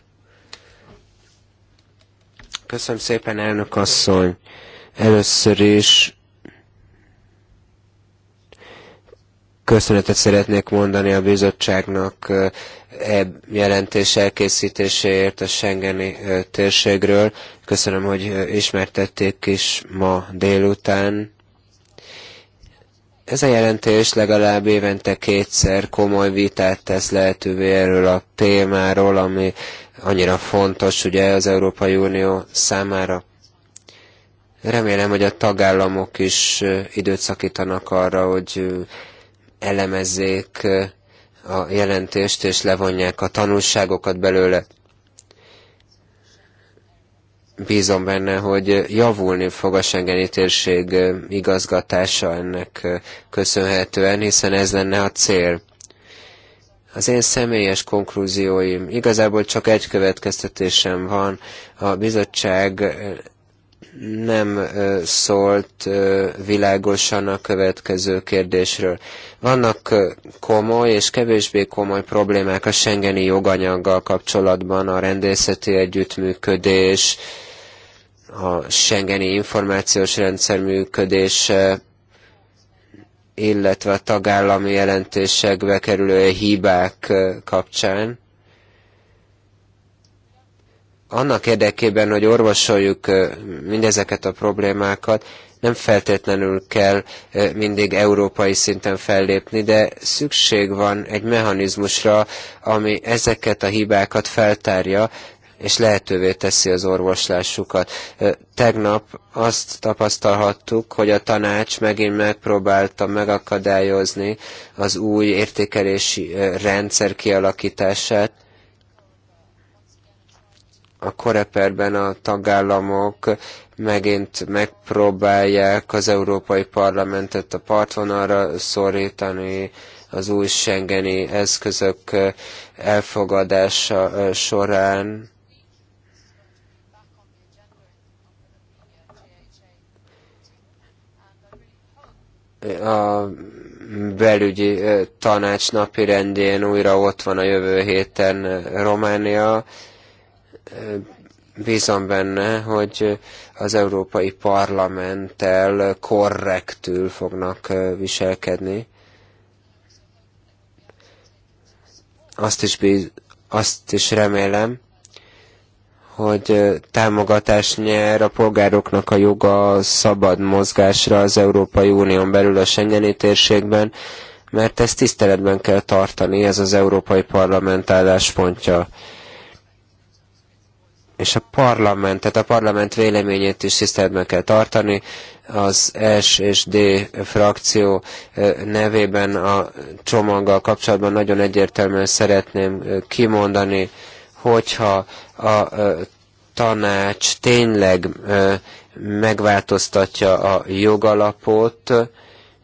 Köszönöm szépen, elnök asszony. Először is köszönetet szeretnék mondani a bizottságnak e jelentés elkészítéséért a Schengeni térségről. Köszönöm, hogy ismertették is ma délután. Ez a jelentés legalább évente kétszer komoly vitát tesz lehetővé erről a témáról, ami annyira fontos ugye az Európai Unió számára. Remélem, hogy a tagállamok is időt szakítanak arra, hogy elemezzék a jelentést, és levonják a tanulságokat belőle. Bízom benne, hogy javulni fog a Schengeni térség igazgatása ennek köszönhetően, hiszen ez lenne a cél. Az én személyes konklúzióim igazából csak egy következtetésem van. A bizottság nem szólt világosan a következő kérdésről. Vannak komoly és kevésbé komoly problémák a Schengeni joganyaggal kapcsolatban, a rendészeti együttműködés, a Schengeni információs rendszer működése, illetve a tagállami jelentésekbe kerülő hibák kapcsán annak érdekében, hogy orvosoljuk mindezeket a problémákat, nem feltétlenül kell mindig európai szinten fellépni, de szükség van egy mechanizmusra, ami ezeket a hibákat feltárja, és lehetővé teszi az orvoslásukat. Tegnap azt tapasztalhattuk, hogy a tanács megint megpróbálta megakadályozni az új értékelési rendszer kialakítását, a koreperben a tagállamok megint megpróbálják az Európai Parlamentet a partvonalra szorítani, az új Schengeni eszközök elfogadása során. A belügyi tanács napi rendjén újra ott van a jövő héten Románia bízom benne, hogy az Európai Parlamenttel korrektül fognak viselkedni. Azt is, bíz, azt is remélem, hogy támogatás nyer a polgároknak a joga a szabad mozgásra az Európai Unión belül a Schengeni térségben, mert ezt tiszteletben kell tartani, ez az Európai Parlament álláspontja és a parlament, tehát a parlament véleményét is tiszteletben kell tartani. Az S és D frakció nevében a csomaggal kapcsolatban nagyon egyértelműen szeretném kimondani, hogyha a tanács tényleg megváltoztatja a jogalapot,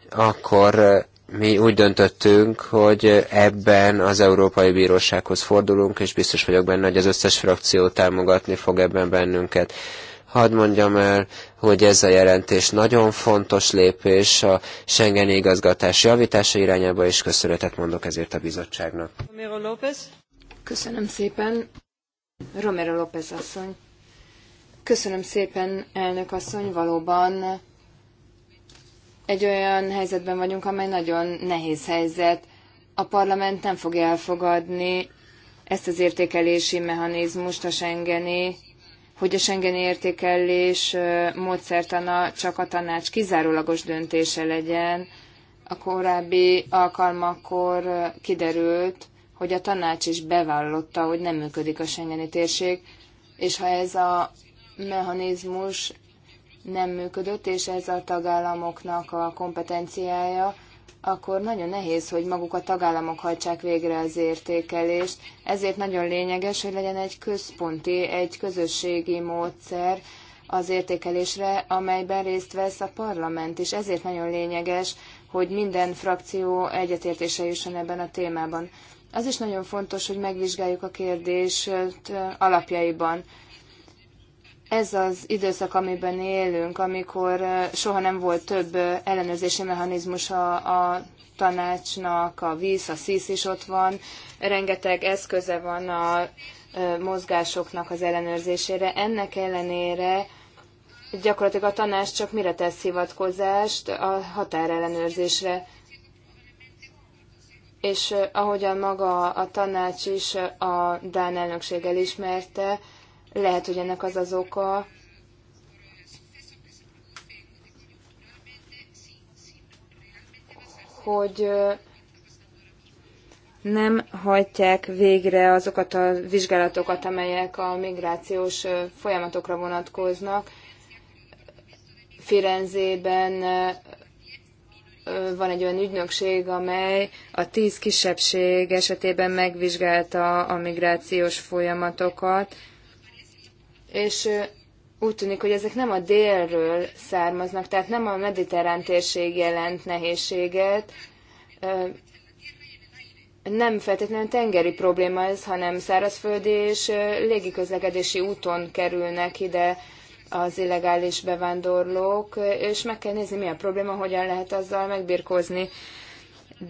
akkor mi úgy döntöttünk, hogy ebben az Európai Bírósághoz fordulunk, és biztos vagyok benne, hogy az összes frakció támogatni fog ebben bennünket. Hadd mondjam el, hogy ez a jelentés nagyon fontos lépés a Schengen igazgatás javítása irányába, és köszönetet mondok ezért a bizottságnak. Romero López. Köszönöm szépen, Romero López asszony. Köszönöm szépen, elnök asszony, valóban egy olyan helyzetben vagyunk, amely nagyon nehéz helyzet. A parlament nem fogja elfogadni ezt az értékelési mechanizmust, a Schengeni, hogy a Schengeni értékelés módszertana csak a tanács kizárólagos döntése legyen. A korábbi alkalmakkor kiderült, hogy a tanács is bevallotta, hogy nem működik a Schengeni térség, és ha ez a mechanizmus nem működött, és ez a tagállamoknak a kompetenciája, akkor nagyon nehéz, hogy maguk a tagállamok hajtsák végre az értékelést. Ezért nagyon lényeges, hogy legyen egy központi, egy közösségi módszer az értékelésre, amelyben részt vesz a parlament is. Ezért nagyon lényeges, hogy minden frakció egyetértése jusson ebben a témában. Az is nagyon fontos, hogy megvizsgáljuk a kérdést alapjaiban ez az időszak, amiben élünk, amikor soha nem volt több ellenőrzési mechanizmus a, a tanácsnak, a víz, a szísz is ott van, rengeteg eszköze van a mozgásoknak az ellenőrzésére. Ennek ellenére gyakorlatilag a tanács csak mire tesz hivatkozást? A határellenőrzésre. És ahogyan maga a tanács is a Dán elnökség elismerte, lehet, hogy ennek az az oka, hogy nem hajtják végre azokat a vizsgálatokat, amelyek a migrációs folyamatokra vonatkoznak. Firenzében van egy olyan ügynökség, amely a tíz kisebbség esetében megvizsgálta a migrációs folyamatokat, és úgy tűnik, hogy ezek nem a délről származnak, tehát nem a mediterrán térség jelent nehézséget, nem feltétlenül tengeri probléma ez, hanem szárazföldi és légiközlekedési úton kerülnek ide az illegális bevándorlók, és meg kell nézni, mi a probléma, hogyan lehet azzal megbirkózni.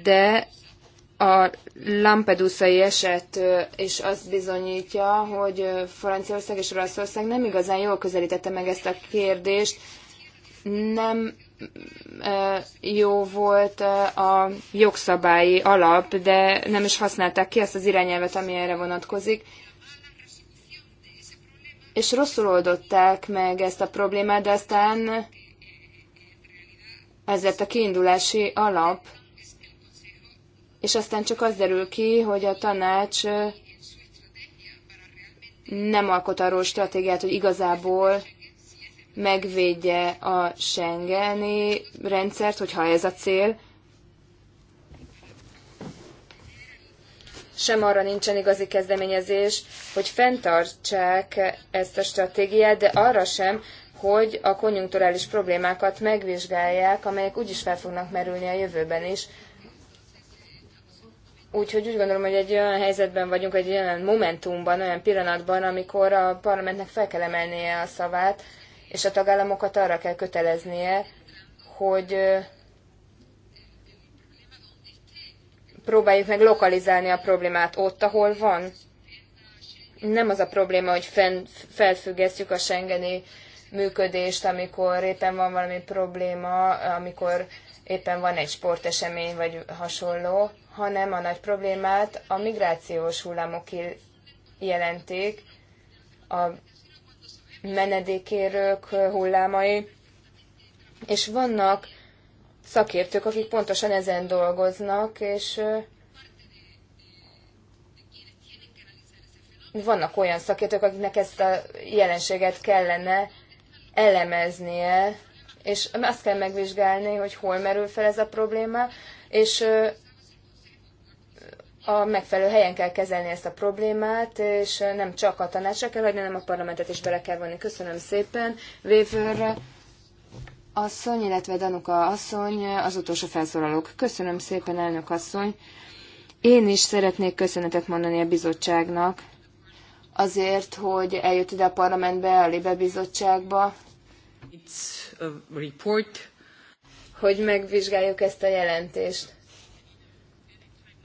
De a Lampedusa-i eset és azt bizonyítja, hogy Franciaország és Olaszország nem igazán jól közelítette meg ezt a kérdést. Nem jó volt a jogszabályi alap, de nem is használták ki azt az irányelvet, ami erre vonatkozik. És rosszul oldották meg ezt a problémát, de aztán ez lett a kiindulási alap és aztán csak az derül ki, hogy a tanács nem alkot arról stratégiát, hogy igazából megvédje a Schengeni rendszert, hogyha ez a cél, sem arra nincsen igazi kezdeményezés, hogy fenntartsák ezt a stratégiát, de arra sem, hogy a konjunkturális problémákat megvizsgálják, amelyek úgyis fel fognak merülni a jövőben is, Úgyhogy úgy gondolom, hogy egy olyan helyzetben vagyunk, egy olyan momentumban, olyan pillanatban, amikor a parlamentnek fel kell emelnie a szavát, és a tagállamokat arra kell köteleznie, hogy próbáljuk meg lokalizálni a problémát ott, ahol van. Nem az a probléma, hogy fenn, felfüggesztjük a Schengeni működést, amikor éppen van valami probléma, amikor éppen van egy sportesemény vagy hasonló, hanem a nagy problémát a migrációs hullámok jelentik, a menedékérők hullámai, és vannak szakértők, akik pontosan ezen dolgoznak, és vannak olyan szakértők, akiknek ezt a jelenséget kellene elemeznie, és azt kell megvizsgálni, hogy hol merül fel ez a probléma, és a megfelelő helyen kell kezelni ezt a problémát, és nem csak a tanácsra kell hagyni, hanem a parlamentet is bele kell vonni. Köszönöm szépen. Vévőr asszony, illetve Danuka asszony, az utolsó felszólalók. Köszönöm szépen, elnök asszony. Én is szeretnék köszönetet mondani a bizottságnak azért, hogy eljött ide a parlamentbe, a Libe bizottságba, report. Hogy megvizsgáljuk ezt a jelentést,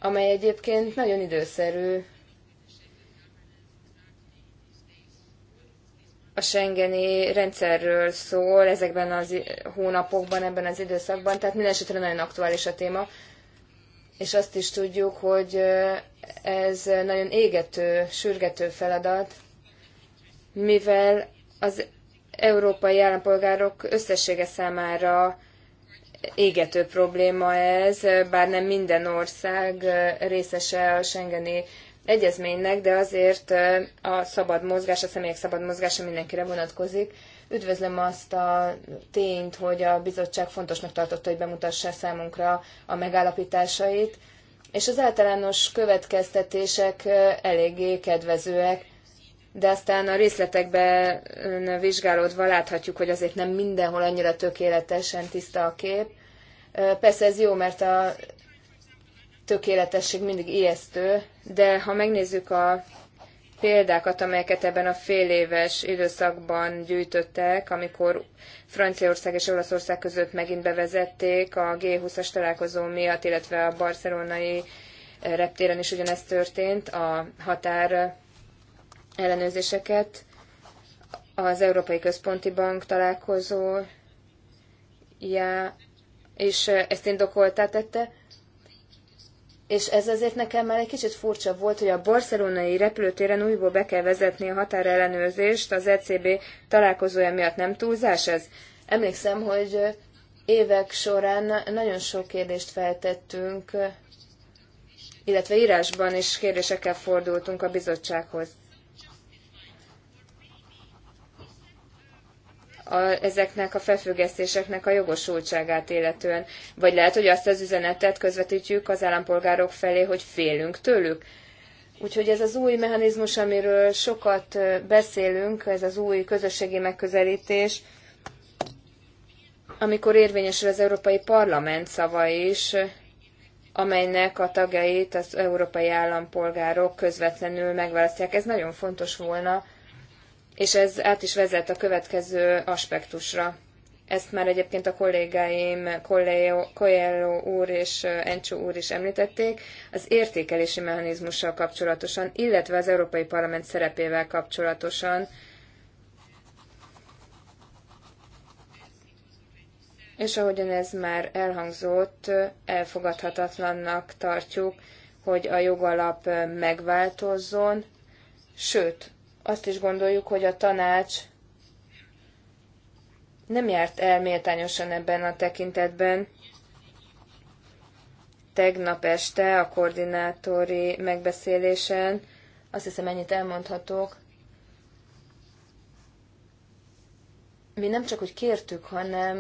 amely egyébként nagyon időszerű. A Schengeni rendszerről szól ezekben az hónapokban, ebben az időszakban, tehát minden esetre nagyon aktuális a téma. És azt is tudjuk, hogy ez nagyon égető, sürgető feladat, mivel az európai állampolgárok összessége számára égető probléma ez, bár nem minden ország részese a Schengeni egyezménynek, de azért a szabad mozgás, a személyek szabad mozgása mindenkire vonatkozik. Üdvözlöm azt a tényt, hogy a bizottság fontosnak tartotta, hogy bemutassa számunkra a megállapításait, és az általános következtetések eléggé kedvezőek de aztán a részletekben vizsgálódva láthatjuk, hogy azért nem mindenhol annyira tökéletesen tiszta a kép. Persze ez jó, mert a tökéletesség mindig ijesztő, de ha megnézzük a példákat, amelyeket ebben a féléves időszakban gyűjtöttek, amikor Franciaország és Olaszország között megint bevezették a G20-as találkozó miatt, illetve a barcelonai reptéren is ugyanezt történt, a határ ellenőrzéseket az Európai Központi Bank találkozója, és ezt indokoltá tette, és ez azért nekem már egy kicsit furcsa volt, hogy a barcelonai repülőtéren újból be kell vezetni a határellenőrzést, az ECB találkozója miatt nem túlzás ez? Emlékszem, hogy évek során nagyon sok kérdést feltettünk, illetve írásban is kérdésekkel fordultunk a bizottsághoz. a, ezeknek a felfüggesztéseknek a jogosultságát illetően. Vagy lehet, hogy azt az üzenetet közvetítjük az állampolgárok felé, hogy félünk tőlük. Úgyhogy ez az új mechanizmus, amiről sokat beszélünk, ez az új közösségi megközelítés, amikor érvényesül az Európai Parlament szava is, amelynek a tagjait az európai állampolgárok közvetlenül megválasztják. Ez nagyon fontos volna és ez át is vezet a következő aspektusra. Ezt már egyébként a kollégáim Coelho úr és Encsó úr is említették, az értékelési mechanizmussal kapcsolatosan, illetve az Európai Parlament szerepével kapcsolatosan. És ahogyan ez már elhangzott, elfogadhatatlannak tartjuk, hogy a jogalap megváltozzon, sőt, azt is gondoljuk, hogy a tanács nem járt el méltányosan ebben a tekintetben. Tegnap este a koordinátori megbeszélésen azt hiszem ennyit elmondhatok. Mi nem csak hogy kértük, hanem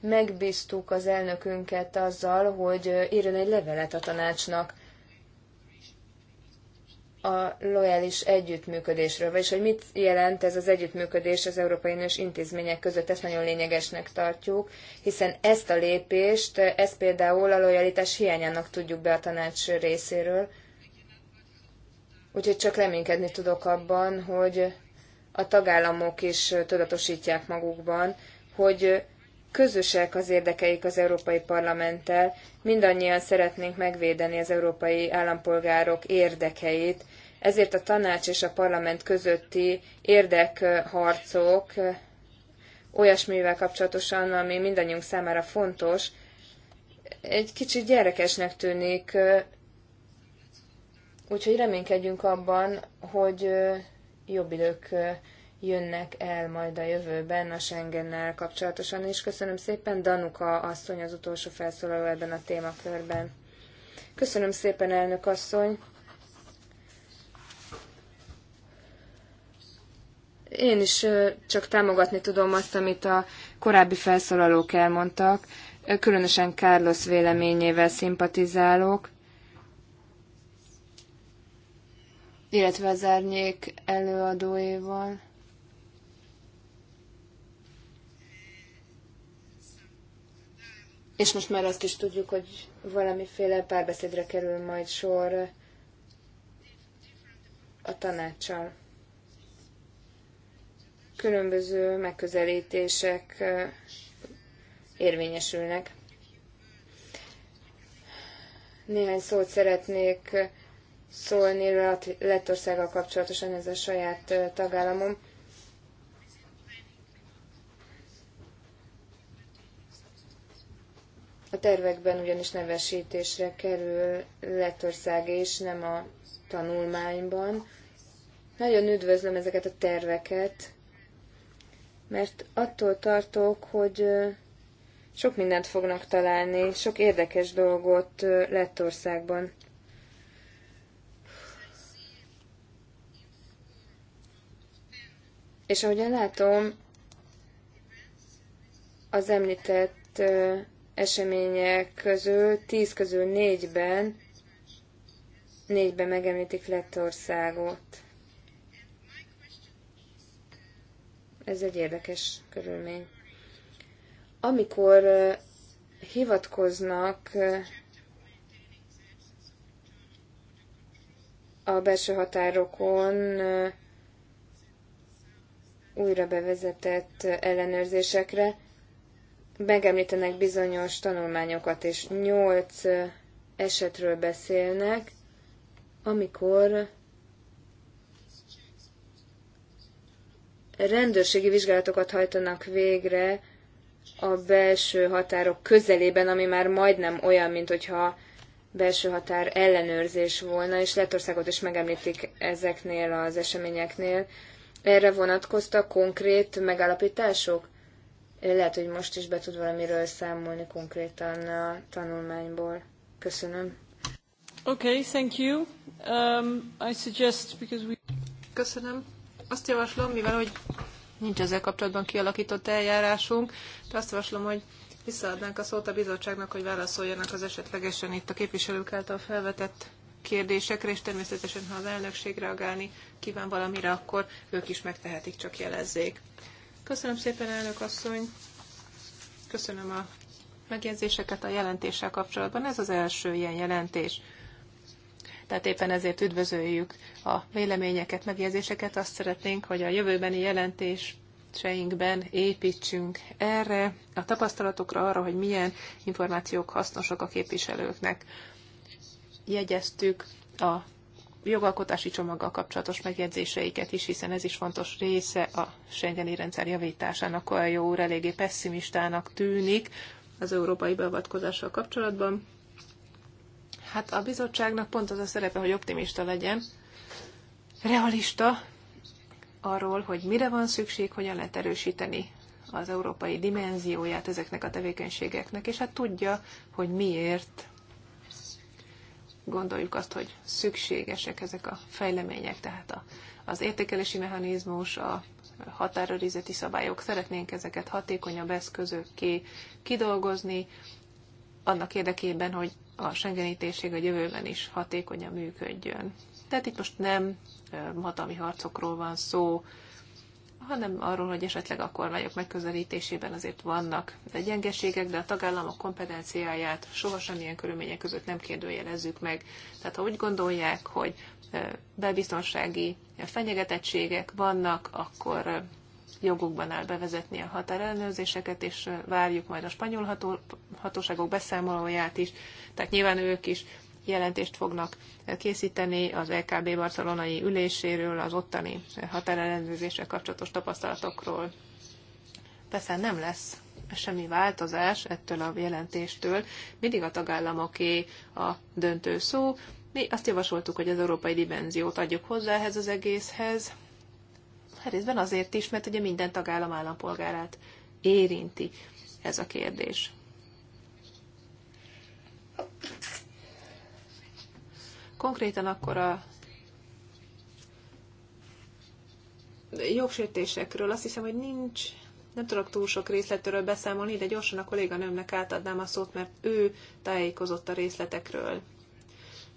megbíztuk az elnökünket azzal, hogy írjon egy levelet a tanácsnak a lojális együttműködésről, vagyis hogy mit jelent ez az együttműködés az Európai Uniós intézmények között, ezt nagyon lényegesnek tartjuk, hiszen ezt a lépést, ezt például a lojalitás hiányának tudjuk be a tanács részéről. Úgyhogy csak reménykedni tudok abban, hogy a tagállamok is tudatosítják magukban, hogy közösek az érdekeik az Európai Parlamenttel, mindannyian szeretnénk megvédeni az európai állampolgárok érdekeit, ezért a tanács és a parlament közötti érdekharcok olyasmivel kapcsolatosan, ami mindannyiunk számára fontos, egy kicsit gyerekesnek tűnik, úgyhogy reménykedjünk abban, hogy jobb idők jönnek el majd a jövőben a Schengennel kapcsolatosan is. Köszönöm szépen, Danuka asszony az utolsó felszólaló ebben a témakörben. Köszönöm szépen, elnök asszony. Én is csak támogatni tudom azt, amit a korábbi felszólalók elmondtak. Különösen Carlos véleményével szimpatizálok. illetve az árnyék előadóival. És most már azt is tudjuk, hogy valamiféle párbeszédre kerül majd sor a tanácssal. Különböző megközelítések érvényesülnek. Néhány szót szeretnék szólni Lettországgal kapcsolatosan, ez a saját tagállamom. A tervekben ugyanis nevesítésre kerül Lettország és nem a tanulmányban. Nagyon üdvözlöm ezeket a terveket, mert attól tartok, hogy sok mindent fognak találni, sok érdekes dolgot Lettországban. És ahogyan látom, az említett események közül, tíz közül négyben, négyben megemlítik Lettországot. Ez egy érdekes körülmény. Amikor hivatkoznak a belső határokon újra bevezetett ellenőrzésekre, megemlítenek bizonyos tanulmányokat, és nyolc esetről beszélnek, amikor rendőrségi vizsgálatokat hajtanak végre a belső határok közelében, ami már majdnem olyan, mint hogyha belső határ ellenőrzés volna, és Lettországot is megemlítik ezeknél az eseményeknél. Erre vonatkoztak konkrét megállapítások? Lehet, hogy most is be tud valamiről számolni konkrétan a tanulmányból. Köszönöm. Okay, thank you. Um, I suggest because we... Köszönöm. Azt javaslom, mivel hogy nincs ezzel kapcsolatban kialakított eljárásunk, de azt javaslom, hogy visszaadnánk a szót a bizottságnak, hogy válaszoljanak az esetlegesen itt a képviselők által felvetett kérdésekre, és természetesen, ha az elnökség reagálni kíván valamire, akkor ők is megtehetik, csak jelezzék. Köszönöm szépen, elnök asszony. Köszönöm a megjegyzéseket a jelentéssel kapcsolatban. Ez az első ilyen jelentés. Tehát éppen ezért üdvözöljük a véleményeket, megjegyzéseket. Azt szeretnénk, hogy a jövőbeni jelentés seinkben építsünk erre, a tapasztalatokra, arra, hogy milyen információk hasznosak a képviselőknek. Jegyeztük a jogalkotási csomaggal kapcsolatos megjegyzéseiket is, hiszen ez is fontos része a Schengeni rendszer javításának. A jó úr eléggé pessimistának tűnik az európai beavatkozással kapcsolatban. Hát a bizottságnak pont az a szerepe, hogy optimista legyen, realista arról, hogy mire van szükség, hogyan lehet erősíteni az európai dimenzióját ezeknek a tevékenységeknek, és hát tudja, hogy miért gondoljuk azt, hogy szükségesek ezek a fejlemények, tehát a, az értékelési mechanizmus, a határőrizeti szabályok, szeretnénk ezeket hatékonyabb eszközökké kidolgozni, annak érdekében, hogy a Schengeni térség a jövőben is hatékonyan működjön. Tehát itt most nem hatalmi harcokról van szó, hanem arról, hogy esetleg a kormányok megközelítésében azért vannak gyengeségek, de a tagállamok kompetenciáját sohasem ilyen körülmények között nem kérdőjelezzük meg. Tehát ha úgy gondolják, hogy bebiztonsági fenyegetettségek vannak, akkor jogukban áll bevezetni a határellenőrzéseket, és várjuk majd a spanyol hatóságok beszámolóját is, tehát nyilván ők is jelentést fognak készíteni az LKB e barcelonai üléséről, az ottani határellenőrzéssel kapcsolatos tapasztalatokról. Persze nem lesz semmi változás ettől a jelentéstől, mindig a tagállamoké a döntő szó. Mi azt javasoltuk, hogy az európai dimenziót adjuk hozzá ehhez az egészhez, részben azért is, mert ugye minden tagállam állampolgárát érinti ez a kérdés. Konkrétan akkor a jogsértésekről azt hiszem, hogy nincs, nem tudok túl sok részletről beszámolni, de gyorsan a kolléganőmnek átadnám a szót, mert ő tájékozott a részletekről.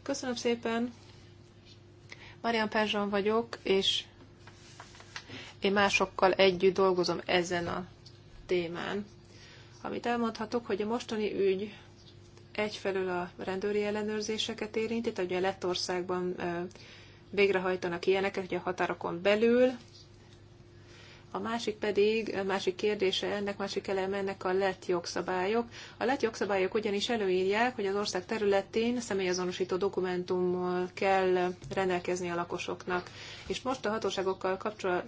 Köszönöm szépen! Marian Perzson vagyok, és én másokkal együtt dolgozom ezen a témán. Amit elmondhatok, hogy a mostani ügy egyfelől a rendőri ellenőrzéseket érinti, tehát ugye Lettországban végrehajtanak ilyeneket, ugye a határokon belül, a másik pedig, a másik kérdése ennek, másik eleme ennek a lett jogszabályok. A lett jogszabályok ugyanis előírják, hogy az ország területén személyazonosító dokumentummal kell rendelkezni a lakosoknak. És most a hatóságokkal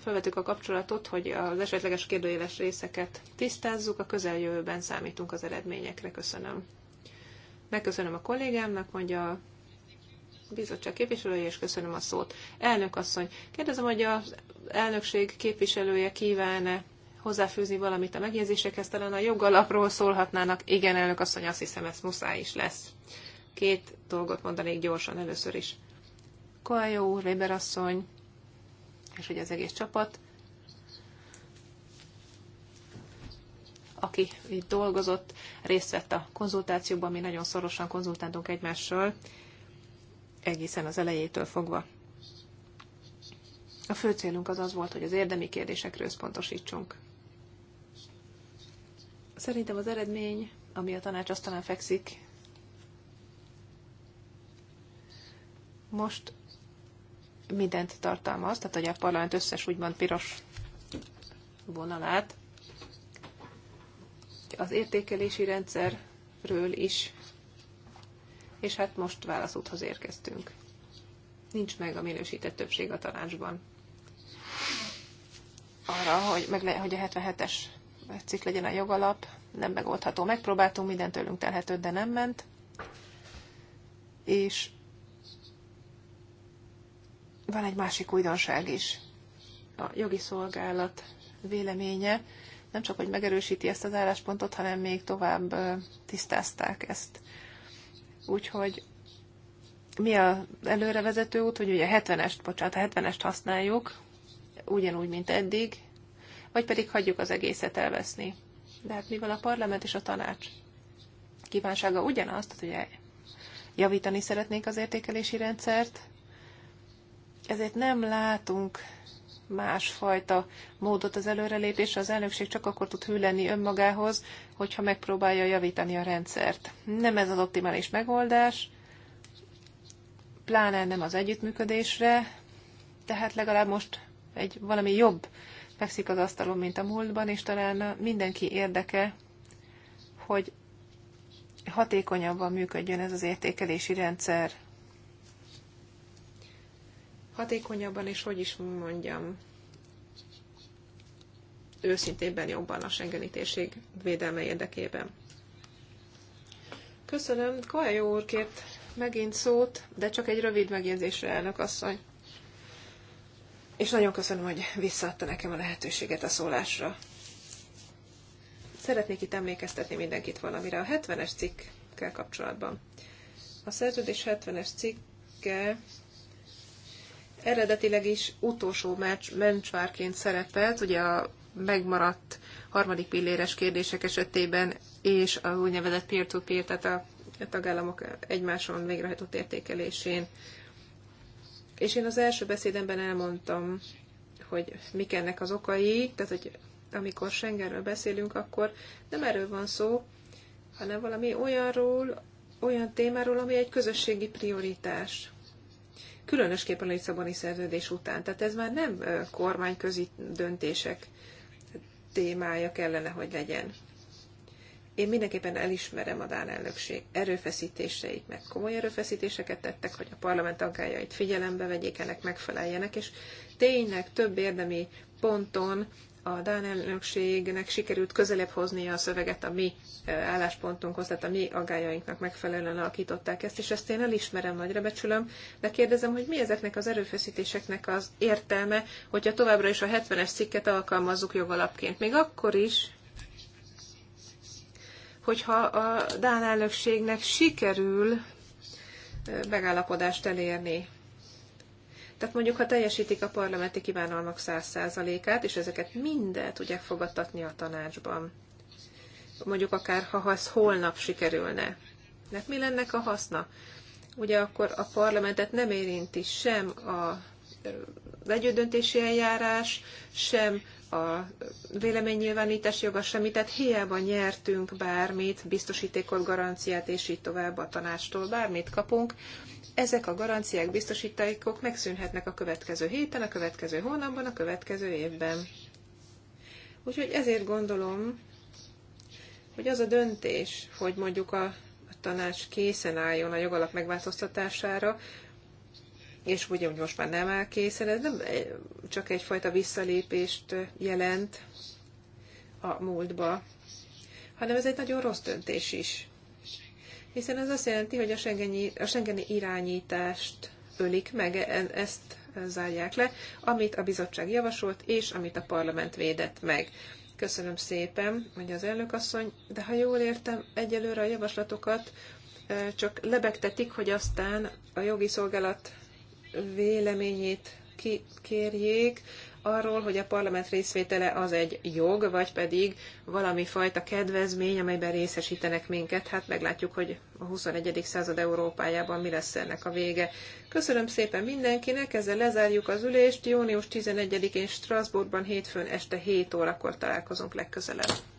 felvetük a kapcsolatot, hogy az esetleges kérdőjeles részeket tisztázzuk, a közeljövőben számítunk az eredményekre. Köszönöm. Megköszönöm a kollégámnak, mondja a bizottság képviselője, és köszönöm a szót. Elnök asszony, kérdezem, hogy az elnökség képviselője kíván-e hozzáfűzni valamit a megjegyzésekhez, talán a jogalapról szólhatnának. Igen, elnök asszony, azt hiszem, ez muszáj is lesz. Két dolgot mondanék gyorsan először is. Kajó, úr, Weber asszony, és hogy az egész csapat aki itt dolgozott, részt vett a konzultációban, mi nagyon szorosan konzultáltunk egymással, egészen az elejétől fogva. A fő célunk az az volt, hogy az érdemi kérdésekről összpontosítsunk. Szerintem az eredmény, ami a tanács asztalán fekszik, most mindent tartalmaz, tehát hogy a parlament összes úgymond piros vonalát az értékelési rendszerről is, és hát most válaszúthoz érkeztünk. Nincs meg a minősített többség a tanácsban. Arra, hogy, meg le, hogy a 77-es cikk legyen a jogalap, nem megoldható. Megpróbáltunk minden tőlünk telhetőt, de nem ment. És van egy másik újdonság is. A jogi szolgálat véleménye nem csak, hogy megerősíti ezt az álláspontot, hanem még tovább tisztázták ezt. Úgyhogy mi a előrevezető út, hogy ugye 70-est, bocsánat, a 70-est használjuk, ugyanúgy, mint eddig, vagy pedig hagyjuk az egészet elveszni. De hát mivel a parlament és a tanács kívánsága ugyanazt, tehát ugye javítani szeretnék az értékelési rendszert, ezért nem látunk másfajta módot az előrelépésre. Az elnökség csak akkor tud hű lenni önmagához, hogyha megpróbálja javítani a rendszert. Nem ez az optimális megoldás, pláne nem az együttműködésre, tehát legalább most egy valami jobb fekszik az asztalon, mint a múltban, és talán mindenki érdeke, hogy hatékonyabban működjön ez az értékelési rendszer hatékonyabban, és hogy is mondjam, őszintébben jobban a Schengeni térség védelme érdekében. Köszönöm. Kaja úr kért megint szót, de csak egy rövid megjegyzésre, elnök asszony. És nagyon köszönöm, hogy visszaadta nekem a lehetőséget a szólásra. Szeretnék itt emlékeztetni mindenkit valamire a 70-es cikkkel kapcsolatban. A szerződés 70-es cikke eredetileg is utolsó mencsvárként szerepelt, ugye a megmaradt harmadik pilléres kérdések esetében és a úgynevezett peer-to-peer, -peer, tehát a tagállamok egymáson végrehajtott értékelésén. És én az első beszédemben elmondtam, hogy mik ennek az okai, tehát hogy amikor Schengenről beszélünk, akkor nem erről van szó, hanem valami olyanról, olyan témáról, ami egy közösségi prioritás különösképpen a Lisszaboni szerződés után. Tehát ez már nem kormányközi döntések témája kellene, hogy legyen. Én mindenképpen elismerem a Dán elnökség erőfeszítéseit, meg komoly erőfeszítéseket tettek, hogy a parlament aggájait figyelembe vegyék, ennek megfeleljenek, és tényleg több érdemi ponton a Dán elnökségnek sikerült közelebb hoznia a szöveget a mi álláspontunkhoz, tehát a mi agályainknak megfelelően alakították ezt, és ezt én elismerem, nagyra becsülöm, de kérdezem, hogy mi ezeknek az erőfeszítéseknek az értelme, hogyha továbbra is a 70-es cikket alkalmazzuk jogalapként, még akkor is, hogyha a Dán elnökségnek sikerül megállapodást elérni tehát mondjuk, ha teljesítik a parlamenti kívánalmak száz százalékát, és ezeket mindet tudják fogadtatni a tanácsban, mondjuk akár ha az holnap sikerülne, hát mi lenne a haszna? Ugye akkor a parlamentet nem érinti sem a legyődöntési eljárás, sem a véleménynyilvánítás joga semmi, tehát hiába nyertünk bármit, biztosítékot, garanciát, és így tovább a tanástól bármit kapunk, ezek a garanciák, biztosítékok megszűnhetnek a következő héten, a következő hónapban, a következő évben. Úgyhogy ezért gondolom, hogy az a döntés, hogy mondjuk a, a tanács készen álljon a jogalap megváltoztatására, és ugye, hogy most már nem áll készen, ez nem eh, csak egyfajta visszalépést eh, jelent a múltba, hanem ez egy nagyon rossz döntés is. Hiszen ez azt jelenti, hogy a Schengeni, a Schengeni irányítást ölik meg, e-, ezt zárják le, amit a bizottság javasolt, és amit a parlament védett meg. Köszönöm szépen, mondja az asszony, de ha jól értem, egyelőre a javaslatokat eh, csak lebegtetik, hogy aztán a jogi szolgálat véleményét kérjék arról, hogy a parlament részvétele az egy jog, vagy pedig valami fajta kedvezmény, amelyben részesítenek minket. Hát meglátjuk, hogy a 21. század Európájában mi lesz ennek a vége. Köszönöm szépen mindenkinek, ezzel lezárjuk az ülést. Június 11-én Strasbourgban hétfőn este 7 órakor találkozunk legközelebb.